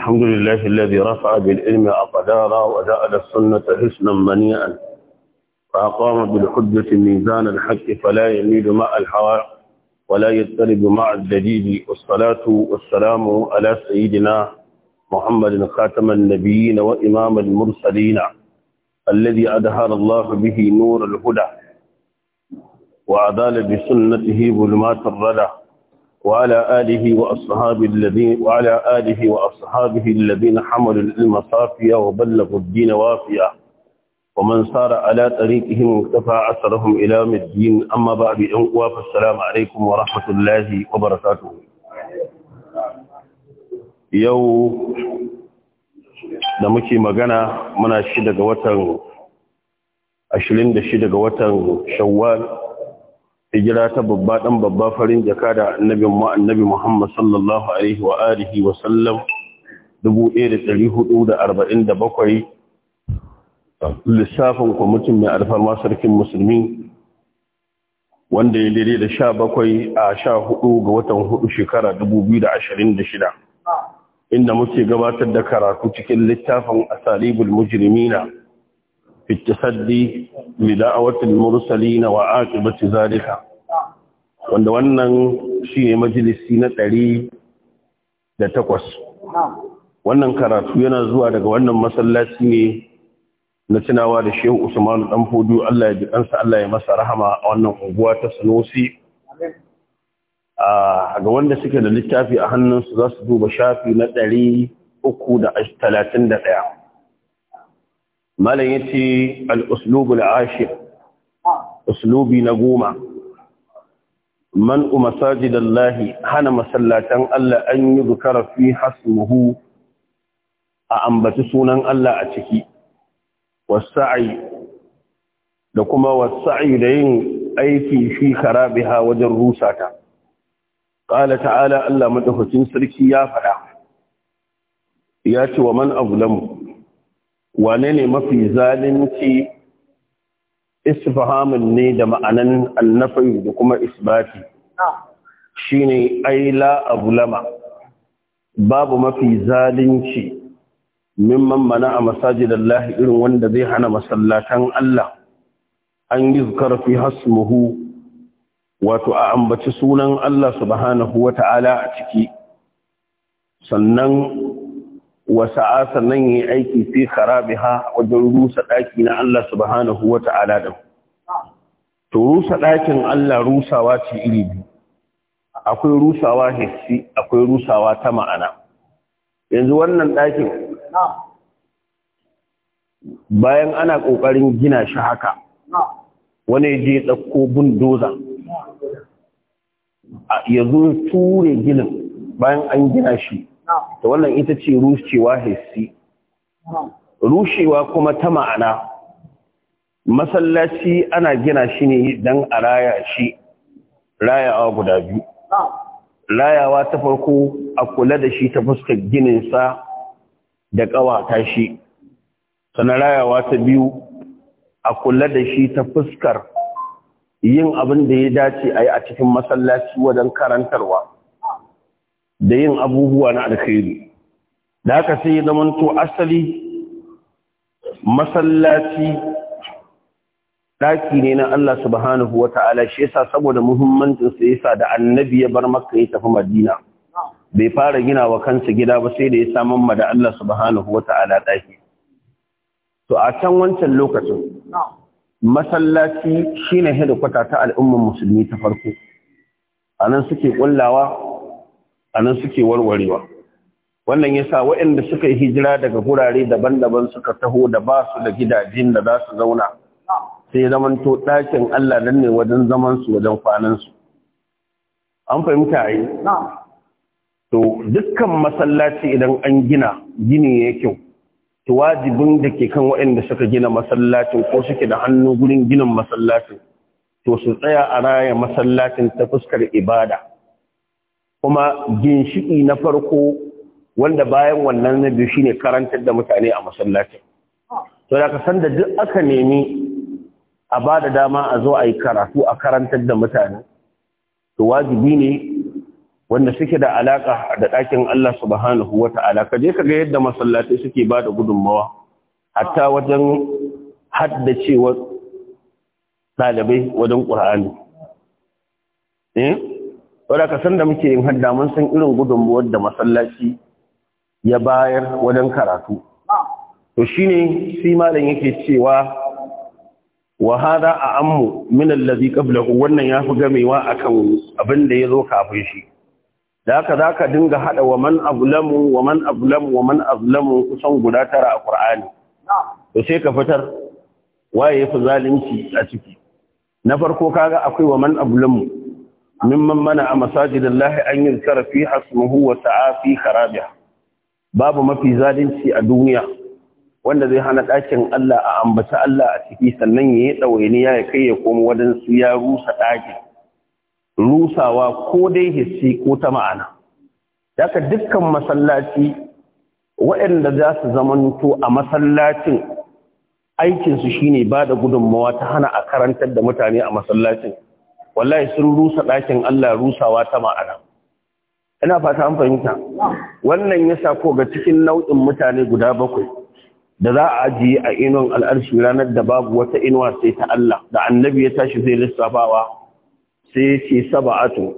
الحمد لله الذي رفع بالعلم أقدارا وجعل السنة حسنا منيئا فأقام بالحجة ميزان الحق فلا يميل ماء الحوار ولا يضطرب مع الدليل والصلاة والسلام على سيدنا محمد خاتم النبيين وإمام المرسلين الذي أدهر الله به نور الهدى وأضال بسنته ظلمات الردى وعلى آله وأصحابه الذين وعلى آله وأصحابه الذين حملوا العلم صافيا وبلغوا الدين وافيا ومن صار على طريقهم واكتفى أثرهم إلى يوم الدين أما بعد أنقوا فالسلام عليكم ورحمة الله وبركاته يو da muke magana muna shi daga watan 26 ga watan Shawwal hijira ta babba dan babba farin jaka da annabin mu annabi Muhammad sallallahu alaihi wa alihi wa sallam 1447 lissafin kwamitin mai alfarma sarkin musulmi wanda ya daidai da sha bakwai a sha hudu ga watan hudu shekara dubu biyu da ashirin da shida inda muke gabatar da karatu cikin littafin asalibul mujrimina lida التصدي بدعوة المرسلين وعاقبة ذلك wanda wannan shi ne majalisi na ɗari da takwas wannan karatu yana zuwa daga wannan masallaci ne na tunawa da shehu Usman dan fudu Allah ya ji Allah ya masa rahama a wannan unguwa ta sanusi a ga wanda suke da littafi a hannunsu za su duba shafi na ɗari uku da talatin da ɗaya malam yace al-uslubul ashir uslubi na goma man umasajidallahi hana masallatan Allah an yi zukara fi hasmuhu a ambaci sunan Allah a ciki wasa'i da kuma wasa'i da yin aiki fi karabiha wajen rusata qala ta'ala Allah madaukakin sarki ya faɗa ya ce wa man azlamu wane ne mafi zalunci isfahamun ne da ma'anan annafayu da kuma isbati shine aila abulama babu mafi zalunci mimman mana a masajidallahi irin wanda zai hana masallatan Allah an yi zukar fi hasmuhu wato a ambaci sunan Allah subhanahu wata'ala a ciki sannan wasa'a sannan yi aiki fi ha wajen rusa ɗaki na Allah subhanahu wa ta'ala da to rusa ɗakin Allah rusawa ce iri akwai rusawa hissi akwai rusawa ta ma'ana yanzu wannan ɗakin bayan ana ƙoƙarin gina shi haka wani je ɗauko bundoza ya zo ture ginin bayan an gina shi ta wannan ita ce rushewa hissi rushewa kuma ta ma'ana masallaci ana gina shi ne don a raya shi rayawa guda biyu rayawa ta farko a kula da shi ta fuskar gininsa da ƙawata shi sannan rayawa ta biyu a kula da shi ta fuskar yin abin da ya dace a yi a cikin masallaci wajen karantarwa da yin abubuwa na alkhairi da haka sai ya zamanto asali masallaci ɗaki ne na Allah subhanahu wa ta'ala shi yasa saboda muhimmancinsa yasa da annabi ya bar maka ya tafi madina bai fara gina wa kansa gida ba sai da ya samun ma da Allah subhanahu wa ta'ala ɗaki to a can wancan lokacin masallaci shine hedikwata ta al'ummar musulmi ta farko a nan suke kullawa anan suke warwarewa wannan yasa waɗanda suka yi hijira daga gurare daban-daban suka taho da ba su da gidajen da za su zauna sai zamanto ɗakin Allah nan ne wajen zaman su wajen kwanan su an fahimta yi to dukkan masallaci idan an gina gini ya kyau to wajibin da ke kan waɗanda suka gina masallacin ko suke da hannu gurin ginin masallacin to su tsaya a raya masallacin ta fuskar ibada kuma ginshiki na farko wanda bayan wannan na biyu shine karantar da mutane a masallaci to da ka san da duk aka nemi a ba da dama a zo a yi karatu a karantar da mutane to wajibi ne wanda suke da alaka da ɗakin Allah subhanahu wa ta'ala ka je ka ga yadda masallatai suke bada da gudunmawa hatta wajen haddacewar ɗalibai wajen ƙur'ani. Eh? wadda ka san da muke yin hadda mun san irin gudunmuwar da masallaci ya bayar wajen karatu to shi ne sai malam yake cewa wa hada a ammu min allazi qablahu wannan yafi gamewa akan abin da zo kafin shi da haka zaka dinga hada wa man azlamu wa man azlamu wa man azlamu kusan guda tara a Kur'ani? to sai ka fitar waye yafi zalunci a ciki na farko kaga akwai wa man azlamu mimman mana a masajidin lahi an yin karafi hasmuhu wa ta'afi kharabiya babu mafi zalunci a duniya wanda zai hana ɗakin Allah a ambaci Allah a ciki sannan ya yi ɗawainiya ya kai ya komo su ya rusa ɗakin rusawa ko dai hissi ko ta ma'ana daga dukkan masallaci waɗanda za su zamanto a masallacin aikinsu shine ba da gudunmawa ta hana a karantar da mutane a masallacin wallahi sun rusa ɗakin Allah rusawa ta ma'ana ina fata an fahimta wannan ya ko ga cikin nau'in mutane guda bakwai da za a ajiye a inon al'arshi ranar da babu wata inuwa sai ta Allah da annabi ya tashi zai lissafawa sai ya ce saba'atu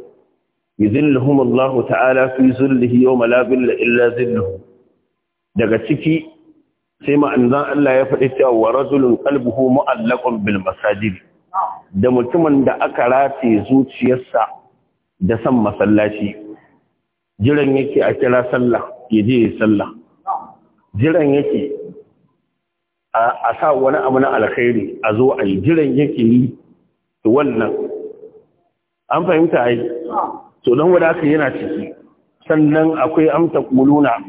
yuzilluhum Allah ta'ala fi zullihi yawma la illa zilluhu daga ciki sai ma'anzan Allah ya faɗi cewa wa rajulun qalbuhu mu'allaqun bil masajid da mutumin da aka rataye zuciyarsa da san masallaci jiran yake a kira sallah ya je ya sallah jiran yake a sa wani abu na alkhairi a zo a yi jiran yake yi wannan an fahimta yi to don wadaka yana ciki sannan akwai amta kuluna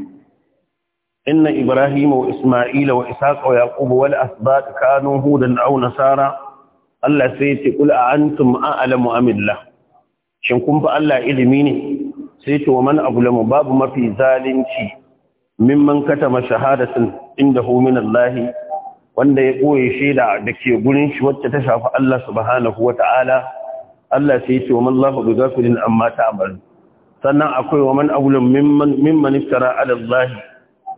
inna Ibrahimu wa isma'ila wa isaqa wa yaqub wal asbaq kanu hudan aw nasara Allah sai ya ce a antum a'lamu amillah shin kun Allah ilimi ne sai ce wa man abulamu babu mafi zalunci mimman katama shahadatin inda min Allah wanda ya koye shaida da ke gurin shi wacce ta shafi Allah subhanahu Ta'ala. Allah sai ya ce wa man lahu bi ghafilin amma sannan akwai wa man abulamu mimman mimman iftara ala Allah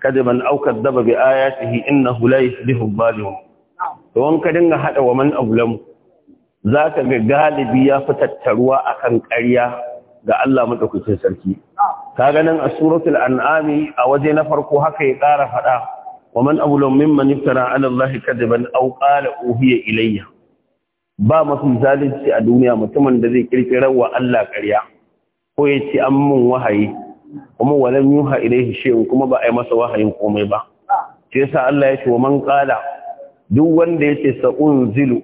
kadiban aw kadzaba bi ayatihi innahu la yuflihu adh to wanka dinga hada wa man abulamu za ka ga galibi ya fi tattaruwa a kan ƙarya ga Allah maɗaukacin sarki. Ka ganin a suratul an'ami a waje na farko haka ya ƙara faɗa, wa man abulon min maniftara ala Allah kadiban au ƙara ilayya. Ba mafi zalunci a duniya mutumin da zai ƙirƙirar wa Allah ƙarya, ko ya ce an mun wahayi, kuma walam yuha ilaihi kuma ba a yi masa wahayin komai ba. Sai yasa Allah ya ce wa man ƙala duk wanda ya ce sa'un zilu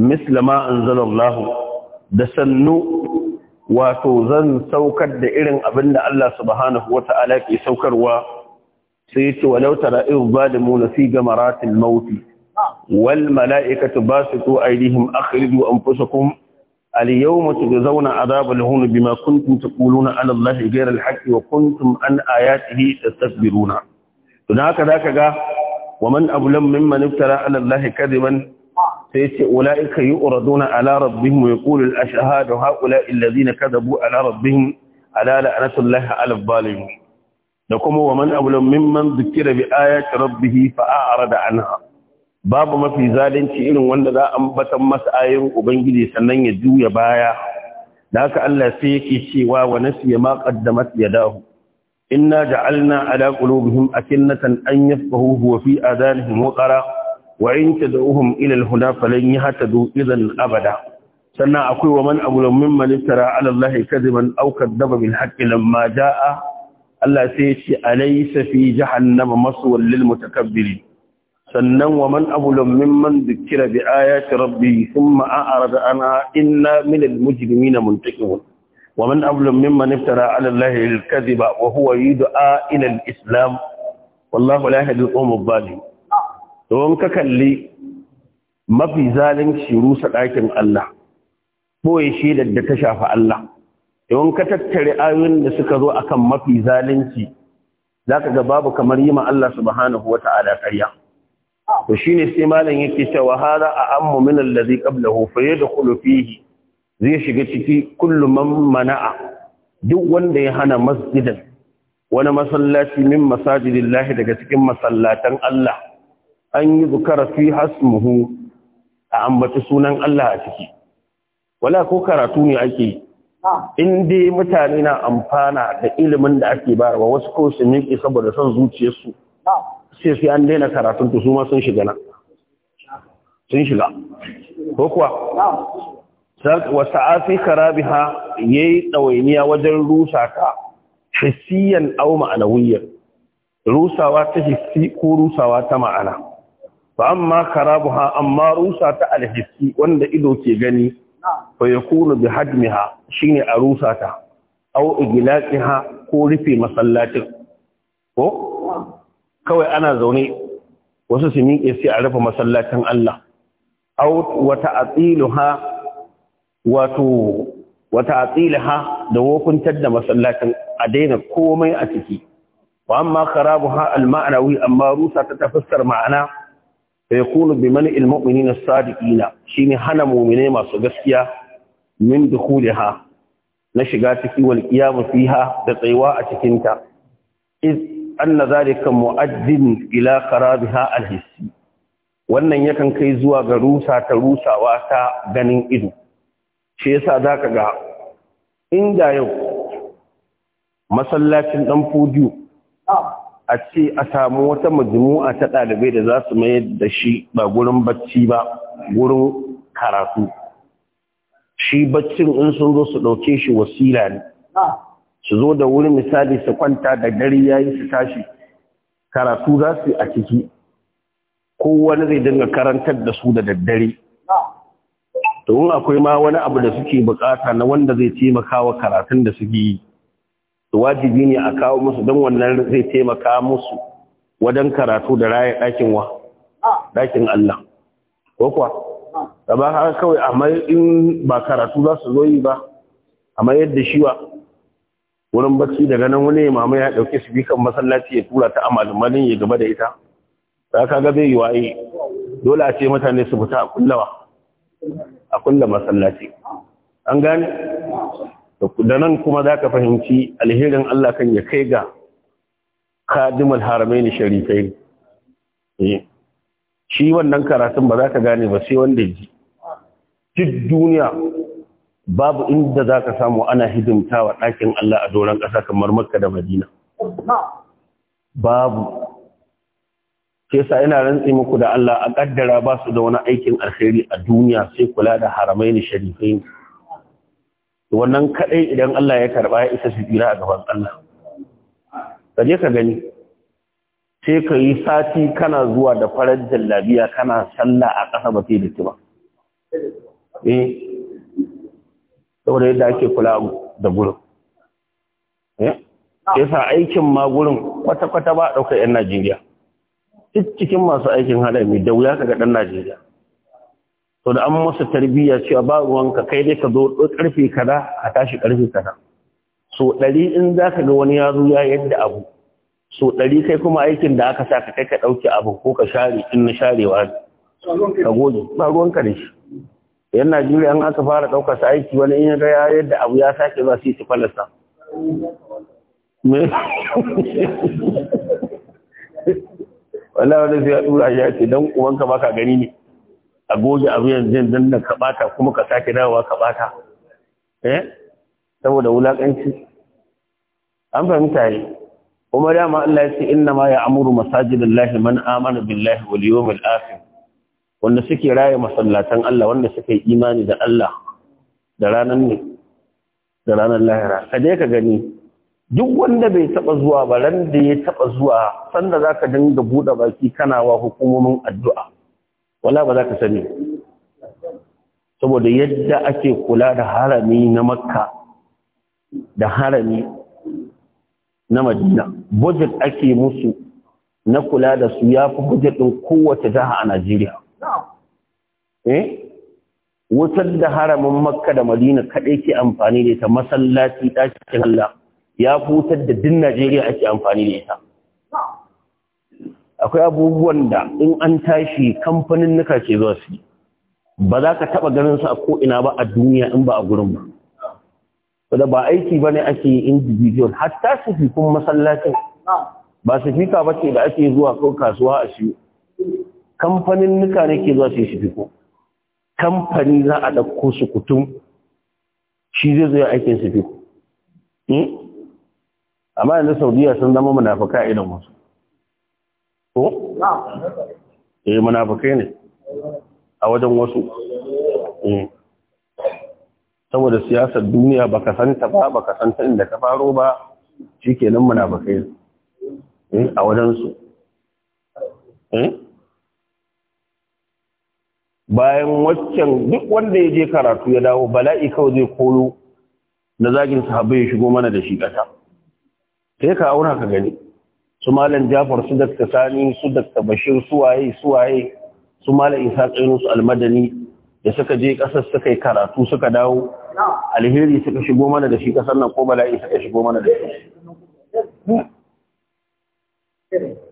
مثل ما أنزل الله da sannu wato zan saukar da irin abinda Allah subhanahu wa ta’ala ke saukarwa sai yi cewa lautara iya ba ga maratin mauti wal mala’ikatu ba su to ainihin akhiru an fusa kun aliyau mutu da zauna a zabal hunu bi kuntun ta kulu na alallahi gairar haƙi wa kuntun an ayatihi da sabiruna. Tuna haka za ka ga, wa man abu lam min manuftara alallahi kadiban sai yace ulaika yu'raduna ala rabbihim wa yaqulu al haƙula haula na kadhabu ala rabbihim ala la'natullahi ala al da kuma wa man ablam mimman dhukira bi ayati rabbih fa da anha babu mafi zalunci irin wanda za a batan masa ayoyin ubangiji sannan ya juya baya da haka Allah sai yake cewa wa nasiya ma qaddamat yadahu inna ja'alna ala qulubihim akinnatan an yafqahuhu wa fi adanihim waqara وإن تدعوهم إلى الهدى فلن يهتدوا إذا أبدا سنا أقول ومن أقول ممن افترى على الله كذبا أو كذب بالحق لما جاء الله سيشي أليس في جهنم مصوى للمتكبرين سنة ومن أقول ممن ذكر بآيات ربي ثم أعرض أنا إنا من المجرمين منتقون ومن أقول ممن افترى على الله الكذب وهو يدعى إلى الإسلام والله لا يهدي الأم الظالمين domin ka kalli mafi zalunci rusa ɗakin Allah boye shi da ta shafi Allah domin ka tattare ayoyin da suka zo akan mafi zalunci zaka ga babu kamar yima Allah subhanahu wata'ala ƙarya to shine sai malam yake cewa hada a ammu min allazi qablahu da yadkhulu fihi zai shiga ciki kullu mana'a duk wanda ya hana masjidan wani masallaci min masajidillahi daga cikin masallatan Allah an yi zukara fi hasmuhu a ambaci sunan Allah a ciki wala ko karatu ne ake yi in dai mutane na amfana da ilimin da ake wa wasu ko su saboda son zuciyarsu sai sai an daina karatun ta su ma sun shiga nan sun shiga ko kuwa Wasu wa ha ya yi ɗawainiya wajen rusa ka hissiyan aw rusawa ta hissi ko rusawa ta ma'ana fa amma karabuha amma rusa ta alhissi wanda ido ke gani fa yakunu bi hadmiha shine a rusa ta aw iglaqiha ko rufe masallatin ko kawai ana zaune wasu su miƙe sai a rufe masallacin Allah aw wata atiluha wato wata da wofintar da masallacin a daina komai a ciki wa amma karabuha al-ma'nawi amma rusa ta tafassar ma'ana sai kunu bi man na mu'minin as sadiqina shine hana mu'mine masu gaskiya min dukhulha na shiga cikin wal qiyam fiha da tsayuwa a cikin ta iz anna zalika mu'addin ila qarabha al hissi wannan yakan kai zuwa ga rusa ta rusawa ta ganin ido shi yasa zaka ga inda yau masallacin ɗan fudiyo a ce a samu wata majmu'a ta ɗalibai da za su mayar da shi ba gurin bacci ba gurin karatu shi baccin in sun zo su ɗauke shi wasila ne su zo da wuri misali su kwanta da dare yayi su tashi karatu za su a ciki kowane zai dinga karantar da su da daddare to akwai ma wani abu da suke bukata na wanda zai taimaka wa karatun da suke yi wajibi ne a kawo musu don wannan zai taimaka musu wajen karatu da rayar ɗakin wa ɗakin Allah ko kuwa da ba haka kawai amma in ba karatu za su zo yi ba amma yadda shi wa wurin bacci daga nan wani ya ya ɗauke su bi kan masallaci ya tura ta amalin malin ya gaba da ita za ka ga bai yi waye dole a ce mutane su fita a kullawa a kulla masallaci an gane da nan kuma za ka fahimci alherin Allah kan ya kai ga kadimul haramain sharifai eh, shi wannan karatun ba za ka gane ba sai wanda ji duk duniya babu inda za ka samu ana hidimta wa ɗakin Allah a doron ƙasa kamar makka da madina babu ke sa ina rantsi muku da Allah a ƙaddara ba su da wani aikin alheri a duniya sai kula da haramai haramain sharifai ne. wannan kadai idan Allah ya karba ya isa shi jira a gaban Allah ka je ka gani sai ka yi sati kana zuwa da farar jallabiya kana sallah a ƙasa ba sai da ba eh saboda yadda ake kula da gurin eh yasa aikin ma gurin kwata-kwata ba ɗaukar 'yan Najeriya duk cikin masu aikin harami da wuya kaga ɗan Najeriya to da an masa tarbiyya cewa ba ruwanka kai dai ka zo karfe kaza a tashi karfe kaza so dari in za ka ga wani yaro ya yadda abu so dari kai kuma aikin da aka sa ka kai ka ɗauki abu ko ka share in na sharewa ka gode ba ruwanka da shi yan najeriya an aka fara ɗaukar sa aiki wani in ga ya yadda abu ya sake ba su yi su falasta wala wani sai ya dura ya ce dan uwanka baka gani ne a goge abu yanzu dan da ka bata kuma ka sake dawowa ka bata eh saboda wulakanci an fahimta ne kuma dama Allah ya ce inna ma ya'muru masajidallahi man amana billahi wal yawmil akhir wanda suke raye masallatan Allah wanda suke imani da Allah da ranar ne da ranan lahira ka je ka gani duk wanda bai taba zuwa ba ran da ya taba zuwa sanda zaka dinga bude baki kana wa hukumomin addu'a wala ba za ka sani saboda yadda ake kula da harami na makka da harami na madina budget ake musu na kula da su ya fi budget ɗin kowace jaha a najeriya Eh? wutar da haramin makka da madina kaɗai ke amfani da ita masallaci ɗakin Allah ya fi wutar da din najeriya ake amfani da ita akwai abubuwan da in an tashi kamfanin nuka ce zuwa su ba za ka taɓa ganin su a ko'ina ba a duniya in ba a gurin ba wadda ba aiki ba ne ake yi individual hatta su fi kun masallacin ba su fi ba ce da ake zuwa ko kasuwa a shi kamfanin nuka ne ke zuwa su fi ko kamfani za a ɗauko su kutum shi zai ya aikin su ko hmm? amma yanzu saudiya sun zama munafuka irin wasu ko? eh munafukai ne a wajen wasu eh. saboda siyasar duniya baka ta ba baka ta inda ka faro ba shikenan munafukai ne eh, a wajen su eh? bayan waccan duk wanda ya je karatu ya dawo bala'i kawai zai koyo na zagin sahabbai ya shigo mana da shi kasa sai ka aura ka gani su malam jafar su dakta sani su dakta bashir suwaye suwaye su malam isa tsayin su almadani da suka je kasar suka yi karatu suka dawo alheri suka shigo mana da shi kasar nan ko bala'i suka shigo mana da shi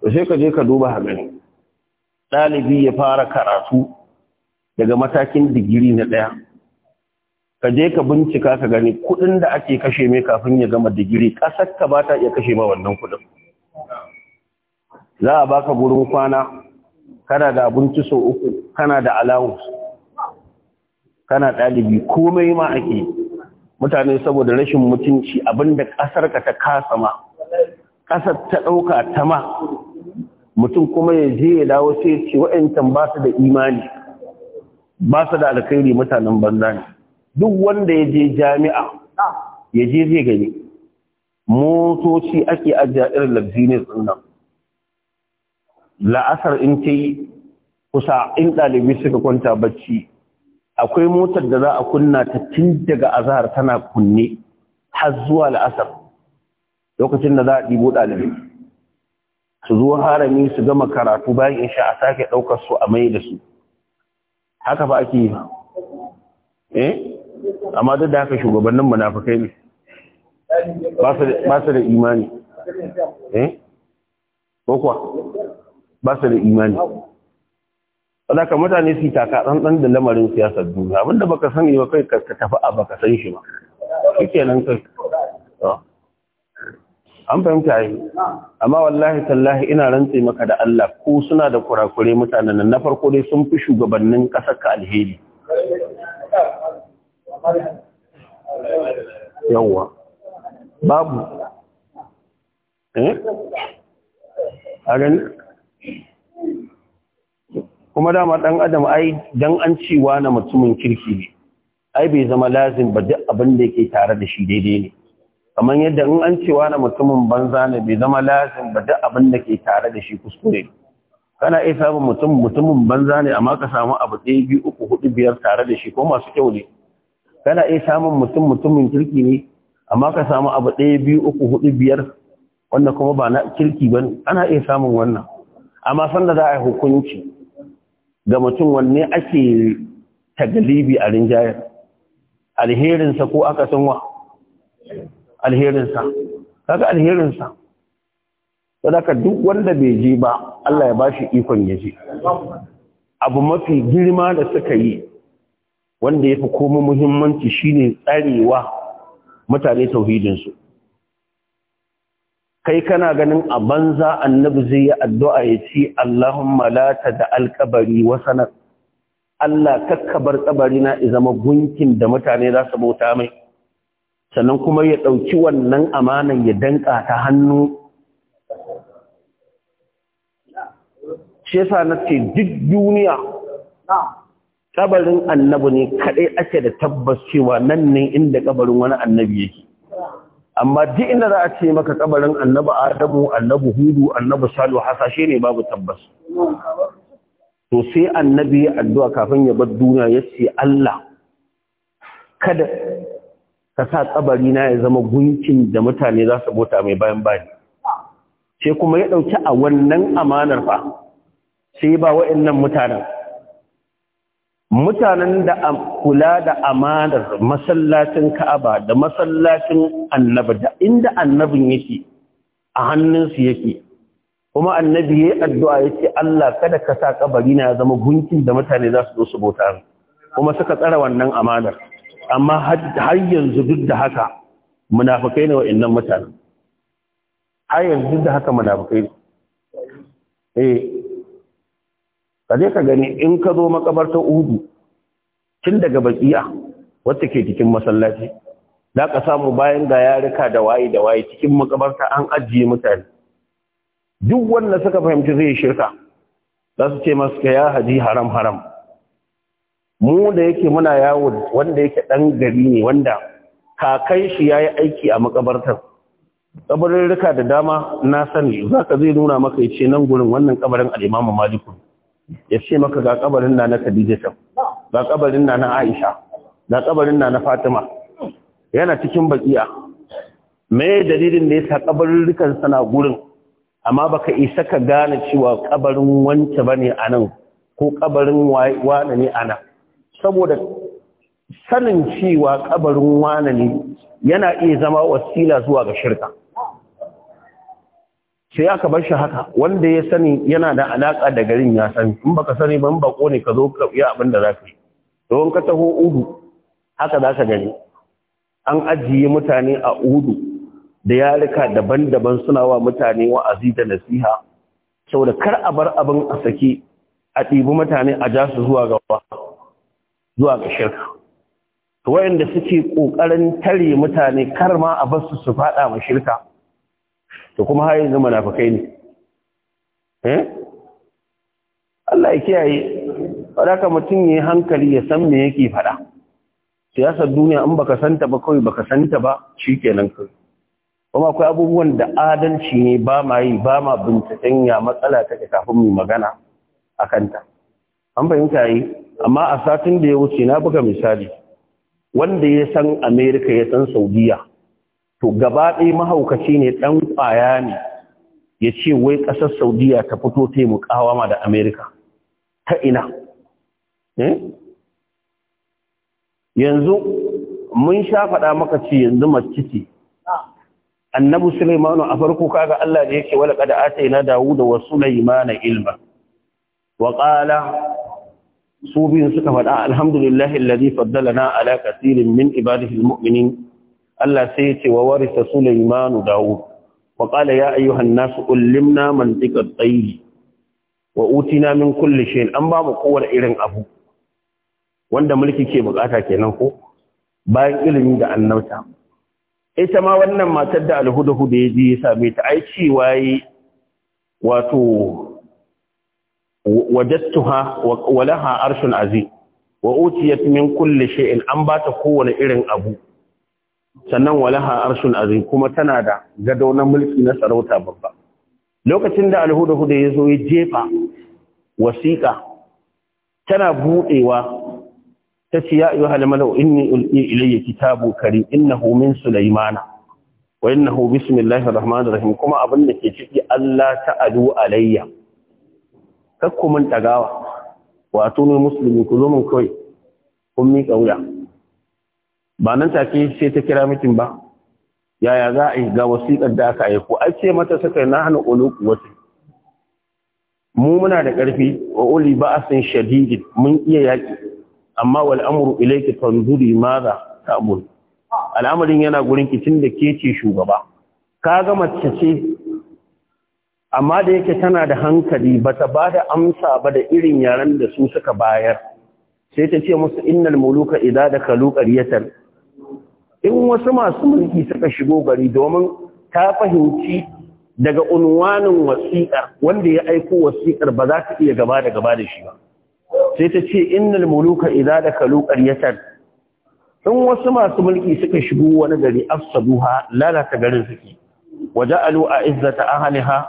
to sai ka je ka duba hagani ɗalibi ya fara karatu daga matakin digiri na ɗaya ka je ka bincika ka gani kuɗin da ake kashe mai kafin ya gama digiri ƙasar ka ba ta iya kashe ma wannan kuɗin za a baka gurin kwana kana da abinci so uku kana da allowance kana dalibi? komai ma ake mutane saboda rashin mutunci abinda kasar ka ta kasa ma kasar ta ɗauka ta ma mutum kuma ya je ya dawo sai ce wa'yancan ba su da imani ba su da alkhairi mutanen banza ne duk wanda ya je jami'a ya je zai gani motoci ake ajiya irin labzinis nan la'asar in ta yi kusa in ɗalibi suka kwanta bacci akwai motar da za a kunna ta tun daga azahar tana kunne har zuwa la'asar lokacin da za a ɗibo ɗalibi su zo harami su gama karatu bayan in sha a sake ɗaukar su a mai da su haka ba ake yi eh amma duk da haka shugabannin munafukai ne ba su da imani eh ko kuwa ba su da imani ka mutane su yi taka tsantsan da lamarin siyasar duniya abinda baka sani ba kai ka tafi a baka san shi ba shike nan kai an fahimta yi amma wallahi tallahi ina rantse maka da Allah ko suna da kurakure mutanen nan na farko dai sun fi shugabannin ƙasar ka alheri yawwa babu eh a kuma dama ɗan adam ai dan an cewa na mutumin kirki ne ai bai zama lazim ba duk abin da yake tare da shi daidai ne kamar yadda in an cewa na mutumin banza ne bai zama lazim ba duk abin da ke tare da shi kuskure ne kana iya samun mutum mutumin banza ne amma ka samu abu ɗaya biyu uku hudu biyar tare da shi ko masu kyau ne kana iya samun mutum mutumin kirki ne amma ka samu abu ɗaya biyu uku hudu biyar wanda kuma ba na kirki ba ana iya samun wannan amma sanda za a yi hukunci ga mutum wanne ake tagalibi a rinjayar alherinsa ko aka sanwa alherinsa kaga alherinsa sadaka duk wanda bai je ba Allah ya bashi ikon ya je abu mafi girma da suka yi wanda ya fi komo muhimmanci shine tsarewa mutane tauhidinsu kai kana ganin a banza annabi zai yi addu'a ya ce Allahumma la da alƙabari wasanar Allah kakkabar kabari na zama gunkin da mutane za su bauta mai sannan kuma ya ɗauki wannan amanan ya danka ta hannu shi sa na ce duk duniya ƙabarin annabi ne kaɗai ake da tabbas cewa nan ne inda ƙabarin wani annabi yake amma duk inda za a ce maka kabarin annabi adamu annabi hudu annabi salu hasashe ne babu tabbas to sai annabi ya addu'a kafin ya bar duniya ya ce Allah kada ka sa kabari na ya zama gunkin da mutane za su bota mai bayan bani sai kuma ya ɗauki a wannan amanar fa sai ba wa'annan mutanen mutanen da kula da amanar masallacin ka'aba da masallacin annabi da inda annabin yake a hannunsu yake kuma annabi ya yi addu'a ya ce Allah kada ka sa kabari na zama gunkin da mutane za su zo su bauta kuma suka tsara wannan amanar amma har yanzu duk da haka munafukai ne wa innan mutanen har yanzu duk da haka munafukai ne eh, ka je ka gani in ka zo makabartar udu tun daga baqiya wacce ke cikin masallaci za ka samu bayan ga yarika da waye da waye cikin makabarta an ajiye mutane duk wanda suka fahimci zai shirka za su ce masu ya haji haram haram mu da yake muna yawo wanda yake dan gari ne wanda kakan shi ya yi aiki a makabartar kabarin rika da dama na sani za ka zai nuna maka ya ce nan gurin wannan kabarin al'imamu maliku ya ce maka ga kabarin na na Khadija ga kabarin na Aisha ga kabarin na Fatima yana cikin baqiya me dalilin da yasa kabarin rikan sana gurin amma baka isa ka gane cewa kabarin wance bane anan ko kabarin wane ne anan saboda sanin cewa kabarin wane ne yana iya zama wasila zuwa ga shirka sai aka bar shi haka wanda ya sani yana da alaka da garin ya sani in baka sani ba in bako ne ka zo ka yi abin da zaka yi don ka taho udu haka zaka gani an ajiye mutane a udu da yarika daban-daban suna wa mutane wa'azi da nasiha saboda kar a bar abin a sake a ɗibi mutane a ja su zuwa gaba, zuwa ga shirka to wayanda suke kokarin tare mutane kar ma a bar su su fada ma shirka to kuma har yanzu munafikai ne eh Allah ya kiyaye wadaka mutum yi hankali ya san me yake fada siyasar duniya in baka santa ba kawai baka santa ba shikenan ka kuma akwai abubuwan da adalci ne ba ma yi ba ma binciken ya matsala take kafin mu magana a kanta an bayyana yi amma a satin da ya wuce na buga misali wanda ya san amerika ya san saudiya to gaba ɗaya mahaukaci ne ɗan ƙwaya ne ya ce wai ƙasar saudiya ta fito ta yi da amerika ta ina eh? yanzu mun sha faɗa maka ce yanzu mace ce annabi sulaimanu a farko kaga Allah da yake wala kada ataina dawuda wa sulaimana ilma wa qala su biyun suka faɗa alhamdulillahi alladhi na ala kaseerin min ibadihi almu'minin Allah sai ya ce wa warisa Sulaiman Dawud wa qala ya ayyuhan nas ullimna mantiqa at-tayr wa utina min kulli shay'in an ba mu kowar irin abu wanda mulki ke bukata kenan ko bayan ilimi da annauta ita ma wannan matar da alhudu da yaji ya same ta ai cewa yi wato wajadtuha wa laha arshun aziz wa utiyat min kulli shay'in an ba ta kowar irin abu sannan walaha arshun azim kuma tana da gado na mulki na sarauta babba lokacin da alhuda-huda ya zo ya jefa wasiƙa tana buɗewa ta ce ya iya halamalau inni ulƙi ilayya kitabu kari innahu min sulaimana wa innahu bismillahir rahmanir rahim kuma abin da ke ciki Allah ta'alu alayya kakku mun tagawa wato ne musulmi ku zo mun kai kun mika wuya ba nan take sai ta kira mutum ba yaya za a ga wasiƙar da aka aiko a ce mata sakai na hana uluku wasu mu muna da ƙarfi wa uli ba'asin shadidin mun iya yaƙi amma wal amru ilayki tanzuri ta amul al'amarin yana gurin ki tunda ke ce shugaba ka ga mace ce amma da yake tana da hankali bata ba da amsa ba da irin yaran da su suka bayar sai ta ce musu innal muluka idza dakalu qaryatan in wasu masu mulki suka shigo gari domin ta fahimci daga unwanin wasiƙar wanda ya aiko wasiƙar ba za ta iya gaba da gaba da shi ba sai ta ce innal muluka idza dakalu qaryatan in wasu masu mulki suka shigo wani gari afsaduha lalata garin suke waja'alu a'izzata ahliha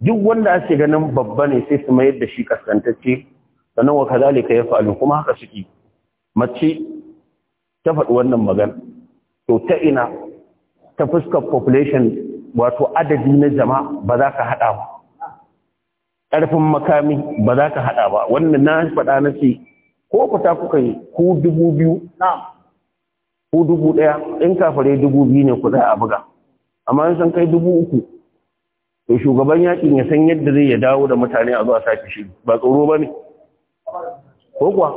duk wanda ake ganin babba ne sai su mayar da shi kasantacce sannan wa kazalika yaf'alu kuma haka suke mace ta faɗi wannan magana to ta ina ta fuskar population wato adadi na jama'a ba za ka haɗa ba ƙarfin makami ba za ka haɗa ba wannan na faɗa na ce ko fata kuka yi ku dubu biyu ku dubu ɗaya in kafare dubu biyu ne ku za a buga amma san kai dubu uku to shugaban yakin ya san yadda zai ya dawo da mutane a zuwa sake shi ba tsoro ba ne ko kuwa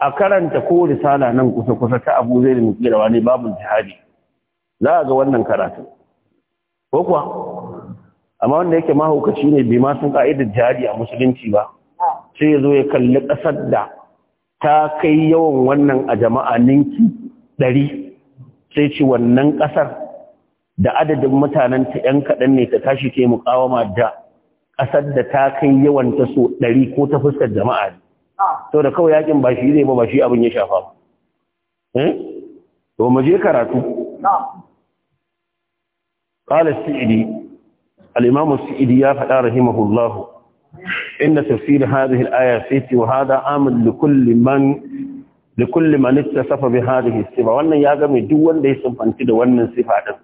a karanta ko risala nan kusa-kusa ta abu zai da nufi da wani babu jihadi za a ga wannan karatu ko kuwa amma wanda yake mahaukaci ne bai ma sun ka'idar jihadi a musulunci ba sai ya zo ya kalli ƙasar da ta kai yawan wannan a jama'a ninki ɗari sai ci wannan ƙasar da adadin mutanen ta ‘yan kaɗan ne ta tashi ke mukawama da ƙasar da ta kai yawan ta so ɗari ko ta fuskar jama'a ne to da kawai yakin ba shi zai ba shi abin ya shafa ba eh? to mu je karatu qala as-sa'idi al-imam as-sa'idi ya fada rahimahullah inna tafsir hadhihi al-aya fihi wa hada amal li kulli man li kulli man ittasafa bi hadhihi sifa wannan ya game duk wanda ya sunfanci da wannan sifa din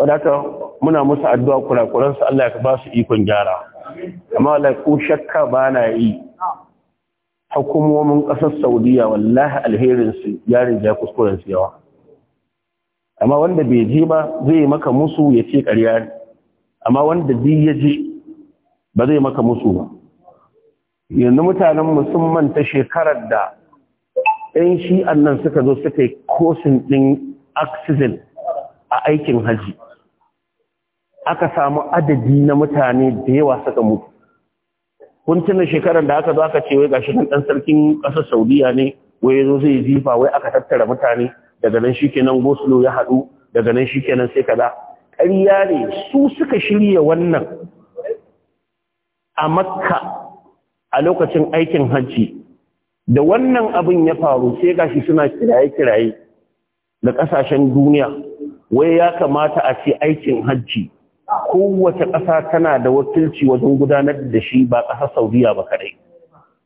wadaka muna musu addu'a kurakuransu Allah ya ba su ikon gyara amma Allah ko shakka ba na yi hukumomin ƙasar saudiya wallahi alherinsu ya riga su yawa amma wanda bai je ba zai maka musu ya ce ƙarya ne amma wanda bi ya je ba zai maka musu ba yanzu mutanen musamman ta shekarar da 'yan shi'an nan suka zo suka yi kosin ɗin oxygen a aikin haji, aka samu adadi na mutane da yawa suka mutu kun tuna shekarar da aka zo aka ce wai gashi nan dan sarkin ƙasar Saudiya ne wai yazo zai zifa wai aka tattara mutane daga nan shikenan Goslo ya haɗu daga nan shikenan sai kaza ƙarya ne su suka shirya wannan a Makka a lokacin aikin hajji da wannan abin ya faru sai gashi suna kiraye-kiraye da ƙasashen duniya wai ya kamata a ce aikin hajji kowace ƙasa tana da wakilci wajen gudanar da shi ba ƙasar saudiya ba kadai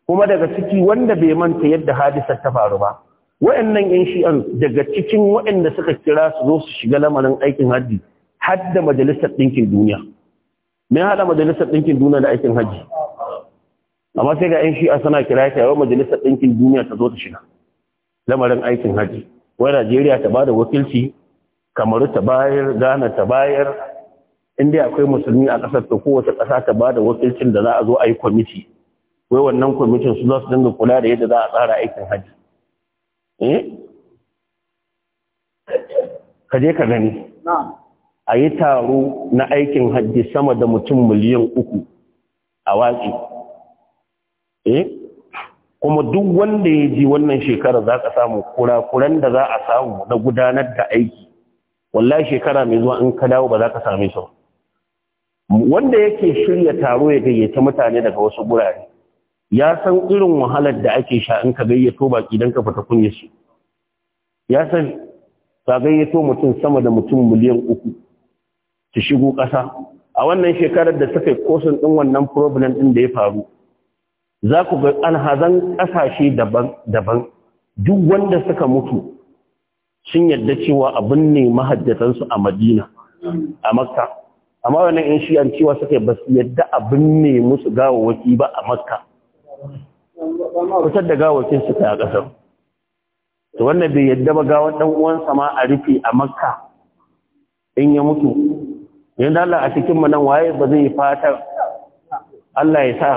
kuma daga ciki wanda bai manta yadda hadisar ta faru ba wayannan yan shi'an daga cikin wayanda suka kira su zo su shiga lamarin aikin haji har da majalisar ɗinkin duniya me hada majalisar ɗinkin duniya da aikin haji amma sai ga yan shi'a suna kira ta yawa majalisar ɗinkin duniya ta zo ta shiga lamarin aikin haji wai najeriya ta ba da wakilci kamaru ta bayar ghana ta bayar in dai akwai musulmi a ƙasar ta, kowace ƙasa ta ba da wakilcin da za a zo a yi kwamiti wai wannan kwamitin su za su dinga kula da yadda za a tsara aikin hajji eh? ka je ka gani a yi taro na aikin hajji sama da mutum miliyan uku a watsi eh? kuma duk wanda ya ji wannan shekara za ka samu kurakuran da za a samu na gudanar da aiki wallahi shekara mai zuwa in ka dawo ba za ka same shi ba wanda yake shirya taro ya gayyaci mutane daga wasu gurare ya san irin wahalar da ake sha in ka gayyato baki don ka fita kunya shi, ya san ka gayyato mutum sama da mutum miliyan uku ta shigo ƙasa a wannan shekarar da suka yi kosin ɗin wannan problem ɗin da ya faru za ku ga alhazan ƙasashe daban-daban duk wanda suka mutu sun yadda cewa abin ne mahaddatansu a madina a makka amma wannan yan an cewa suka ba su yadda abin ne musu gawawaki ba a makka kusan da gawawakin suka a ƙasar to wannan bai yadda ba gawar dan uwansa ma a rufe a makka in ya mutu yanzu Allah a cikin nan waye ba zai fata Allah ya sa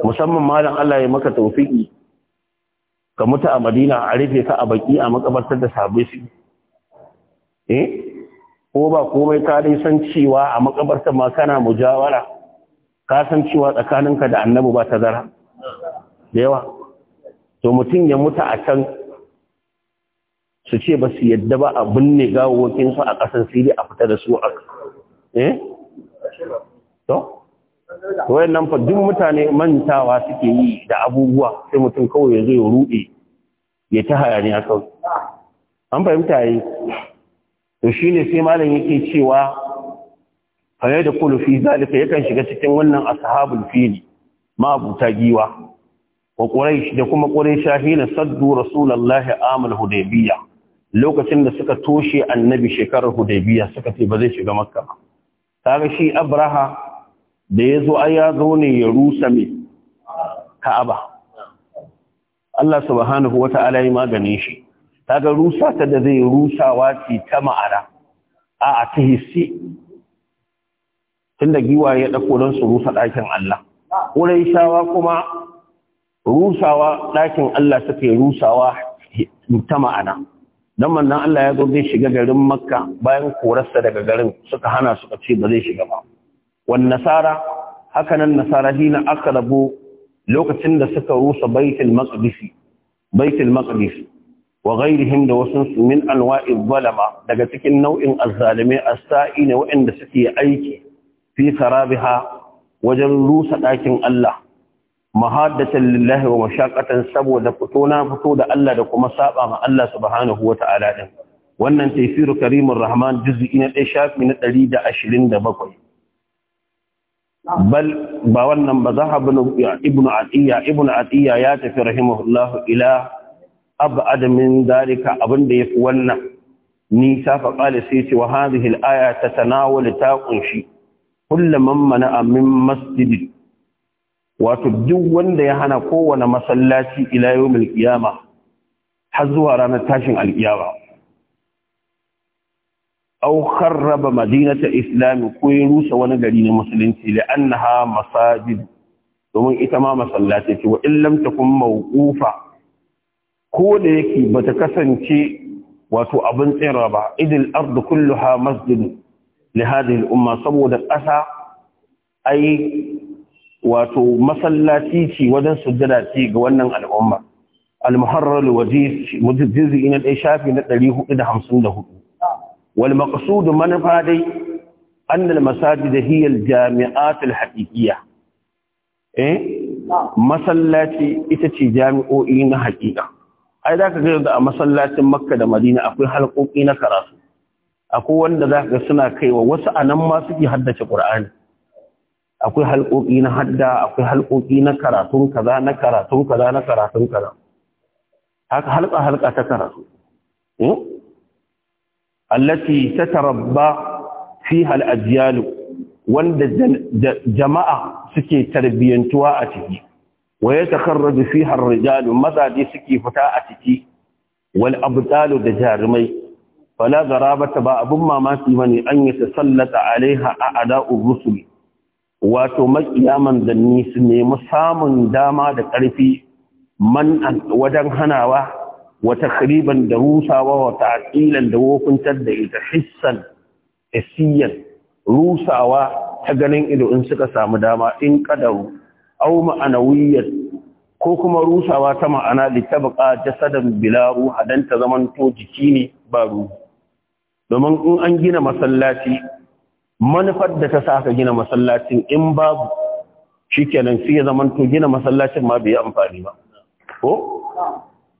musamman malam Allah ya maka taufiki ka mutu a Madina a rufe ka a baki a makabartar da sabai su Eh? ko ba komai ka dai san cewa a makabarta ma kana mujawara ka san cewa tsakaninka da annabi ba ta zara da yawa to mutum ya mutu a can su ce ba su yadda ba a binne gawawakin su a ƙasan siri a fita da su a eh to wayannan fa duk mutane mantawa suke yi da abubuwa sai mutum kawai ya zo ya rude ya ta hayaniya kawai an fahimta yi to ne sai malam yake cewa fa da kulufi fi zalika yakan shiga cikin wannan ashabul fili ma ta giwa wa quraish da kuma quraishi na saddu rasulullahi amal hudaybiya lokacin da suka toshe annabi shekarar hudaybiya suka ce ba zai shiga makka ba kaga shi abraha da yazo ai ya zo ne ya rusa mai ka'aba Allah subhanahu wata'ala ya magane shi kaga rusa ta da zai rusawa ce ta ma'ana a a ta hissi tunda giwa ya ɗauko don su rusa ɗakin Allah ƙurai shawa kuma rusawa ɗakin Allah suke rusawa ta ma'ana don mannan Allah ya zo zai shiga garin makka bayan korarsa daga garin suka hana suka ce ba zai shiga ba wan nasara hakanan nasara dina aka rabu lokacin da suka rusa baitul maqdis baitul maqdis wa ghairihim da wasu min anwa'i zalama daga cikin nau'in azzalime a sai ne waɗanda suke aiki fi sarabiha wajen rusa ɗakin Allah mahaddatan lillahi wa mashaqatan saboda fito na fito da Allah da kuma saba ma Allah subhanahu ta'ala din wannan tafsiru karimur rahman juz'i na 1 shafi na 127 bal ba wannan ba zahab Ibnu atiya Ibnu atiya ya tafi rahimahullahu ila abu adamin zarika abin da ya fi wannan nisa faƙali sai ce wa hadhihi al-aya tatanawala ta kunshi kullu man min masjid wato duk wanda ya hana kowane masallaci ila yawmil har zuwa ranar tashin alƙiyama Aukar raba madinata islam ko ya rusa wani gari na musulunci la'annaha masajid domin ita ma masallaci ce wa illam takun ko da yake bata kasance wato abin tsira ba idil ardu kulluha masjid li hadhihi al-umma saboda ƙasa ai wato masallaci ce wajen sujjada ce ga wannan al'umma al-muharrar wajiz mujizzi na dai shafi na 454 wal maqsud manfa dai anna al-masajid da al-jami'at al haƙiƙiya. eh ah. masallaci ita ce jami'o'i na haƙiƙa ai za ka ga da a masallacin makka da madina akwai halƙoƙi na karatu akwai wanda za ka suna kaiwa wasu a nan ma suke haddace ƙur'ani akwai halƙoƙi na hadda akwai halƙoƙi na karatun kaza na karatun kaza na karatun kaza haka halƙa halƙa ta karatu hmm? allati tatarabba fiha al-ajyal wanda jama'a suke tarbiyantuwa a ciki wa ya takarraju fiha ar-rijalu mazaje suke fita a ciki wal abdalu da jarumai fala garabata ba abun mamaki bane an yi tasallata alaiha a ada'ur rusul wato makiyaman danni su nemi samun dama da ƙarfi man wajen hanawa wa takriban da rusawa wa ta'ilan da wofuntar da ita hissan asiyan rusawa ta ganin ido in suka samu dama in kadaru au ma'anawiyyar ko kuma rusawa ta ma'ana littabqa jasadan bila ruha dan ta zamanto jiki ne ba ruhu domin in an gina masallaci manufar da ta saka gina masallacin in babu shikenan sai ya to gina masallacin ma bai amfani ba ko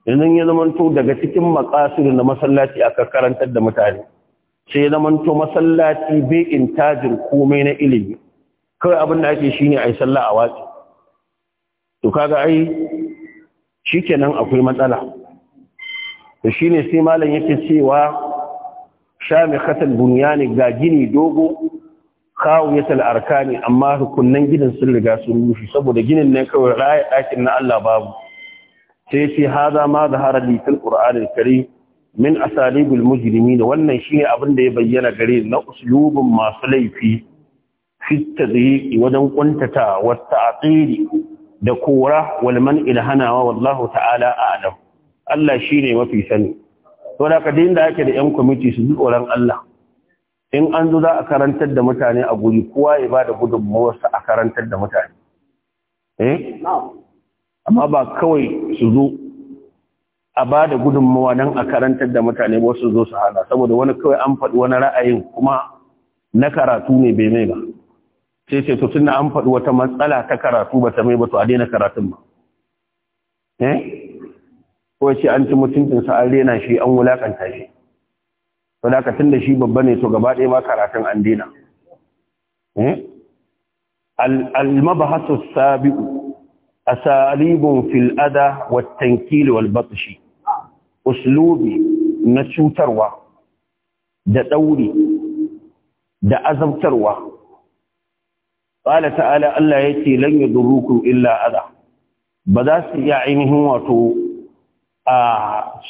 idan ya to daga cikin makasirin da masallaci aka karantar da mutane sai ya to masallaci bai intajin komai na ilimi kawai abin da ake shi ne a yi sallah a wace. to kaga ai shikenan akwai matsala to shine sai malam yake cewa shamikhatul bunyani ga gini dogo kawiyatul arkani amma rukunnan gidan sun riga sun rushe saboda ginin ne kawai raya dakin na Allah babu sai shi haza ma zahara li fil qur'anil karim min asalibul mujrimin wannan shine abin da ya bayyana gare na uslubin masu laifi fi tadhiqi wajen kuntata wa ta'tili da kora walman ilhanawa wallahu ta'ala a'lam Allah shine mafi sani to da ka dinda ake da yan committee su tsoron Allah in an zo za a karantar da mutane a guri kowa ya bada gudunmuwar sa a karantar da mutane eh amma ba kawai su zo a bada gudunmuwa nan a karantar da mutane ba su zo su hala saboda wani kawai an faɗi wani ra'ayin kuma na karatu ne bai mai ba sai ce to tunda an faɗi wata matsala ta karatu ba ta mai ba to a daina karatun ba eh ko ce an ci mutuncin sa an rena shi an wulakanta shi to da tunda shi babba ne to gaba ɗaya ma karatun an daina eh al mabahatu sabiu asalibun fil ada wat tankil wal batshi uslubi na cutarwa da dauri da azabtarwa qala ta'ala Allah ce lan yadurrukum illa aza. ba za su iya ainihin wato a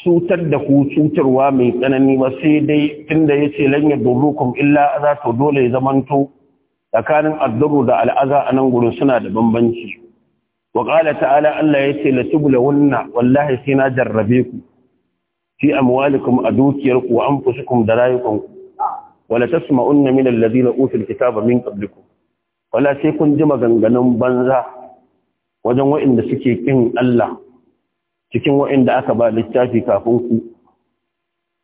cutar da ku cutarwa mai tsanani ba sai dai tunda ya ce lan yadurrukum illa aza to dole ya zamanto tsakanin adduru da al'aza a nan gurin suna da bambanci wa qala ta'ala Allah ya ce wannan, wallahi sai na jarrabe ku fi amwalikum a dukiyarku wa anfusikum da rayukanku wala tasma'unna min alladhina utul kitaba min qablikum wala sai kun ji maganganun banza wajen wa'inda suke ƙin Allah cikin wa'inda aka ba littafi kafin ku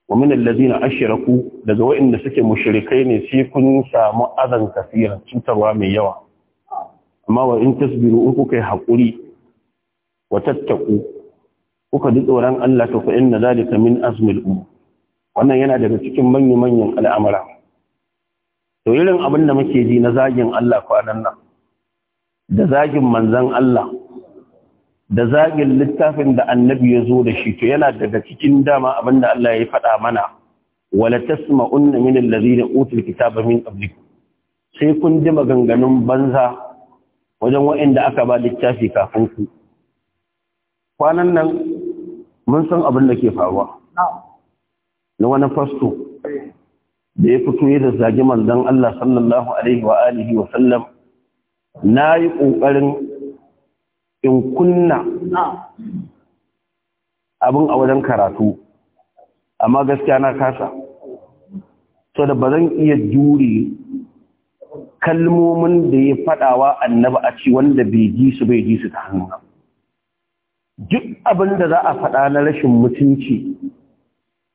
wa min allazina ashraku daga wa'inda suke mushrikai ne sai kun samu azan kafira cutarwa mai yawa amma wa in tasbiru in kuka yi haƙuri wa tattaku kuka ji tsoron Allah ta fa'in na zalika min azmil um wannan yana daga cikin manya-manyan al'amura to irin abin da muke ji na zagin Allah kwanan nan da zagin manzan Allah da zagin littafin da annabi ya zo da shi to yana daga cikin dama abin da Allah ya faɗa mana wala tasma'unna min allazina utul kitaba min qablikum sai kun ji maganganun banza wajen waɗanda aka ba littafi kafin ku kwanan nan mun san abin da ke faruwa na wani fasto da ya fito ya zagi manzon Allah sallallahu alaihi wa alihi wa sallam na yi ƙoƙarin in kunna abin a wajen karatu amma gaskiya na kasa so da ba iya jure kalmomin da ya faɗawa annaba a ci wanda bai ji su bai ji su ta hannu duk abin da za a faɗa na rashin mutunci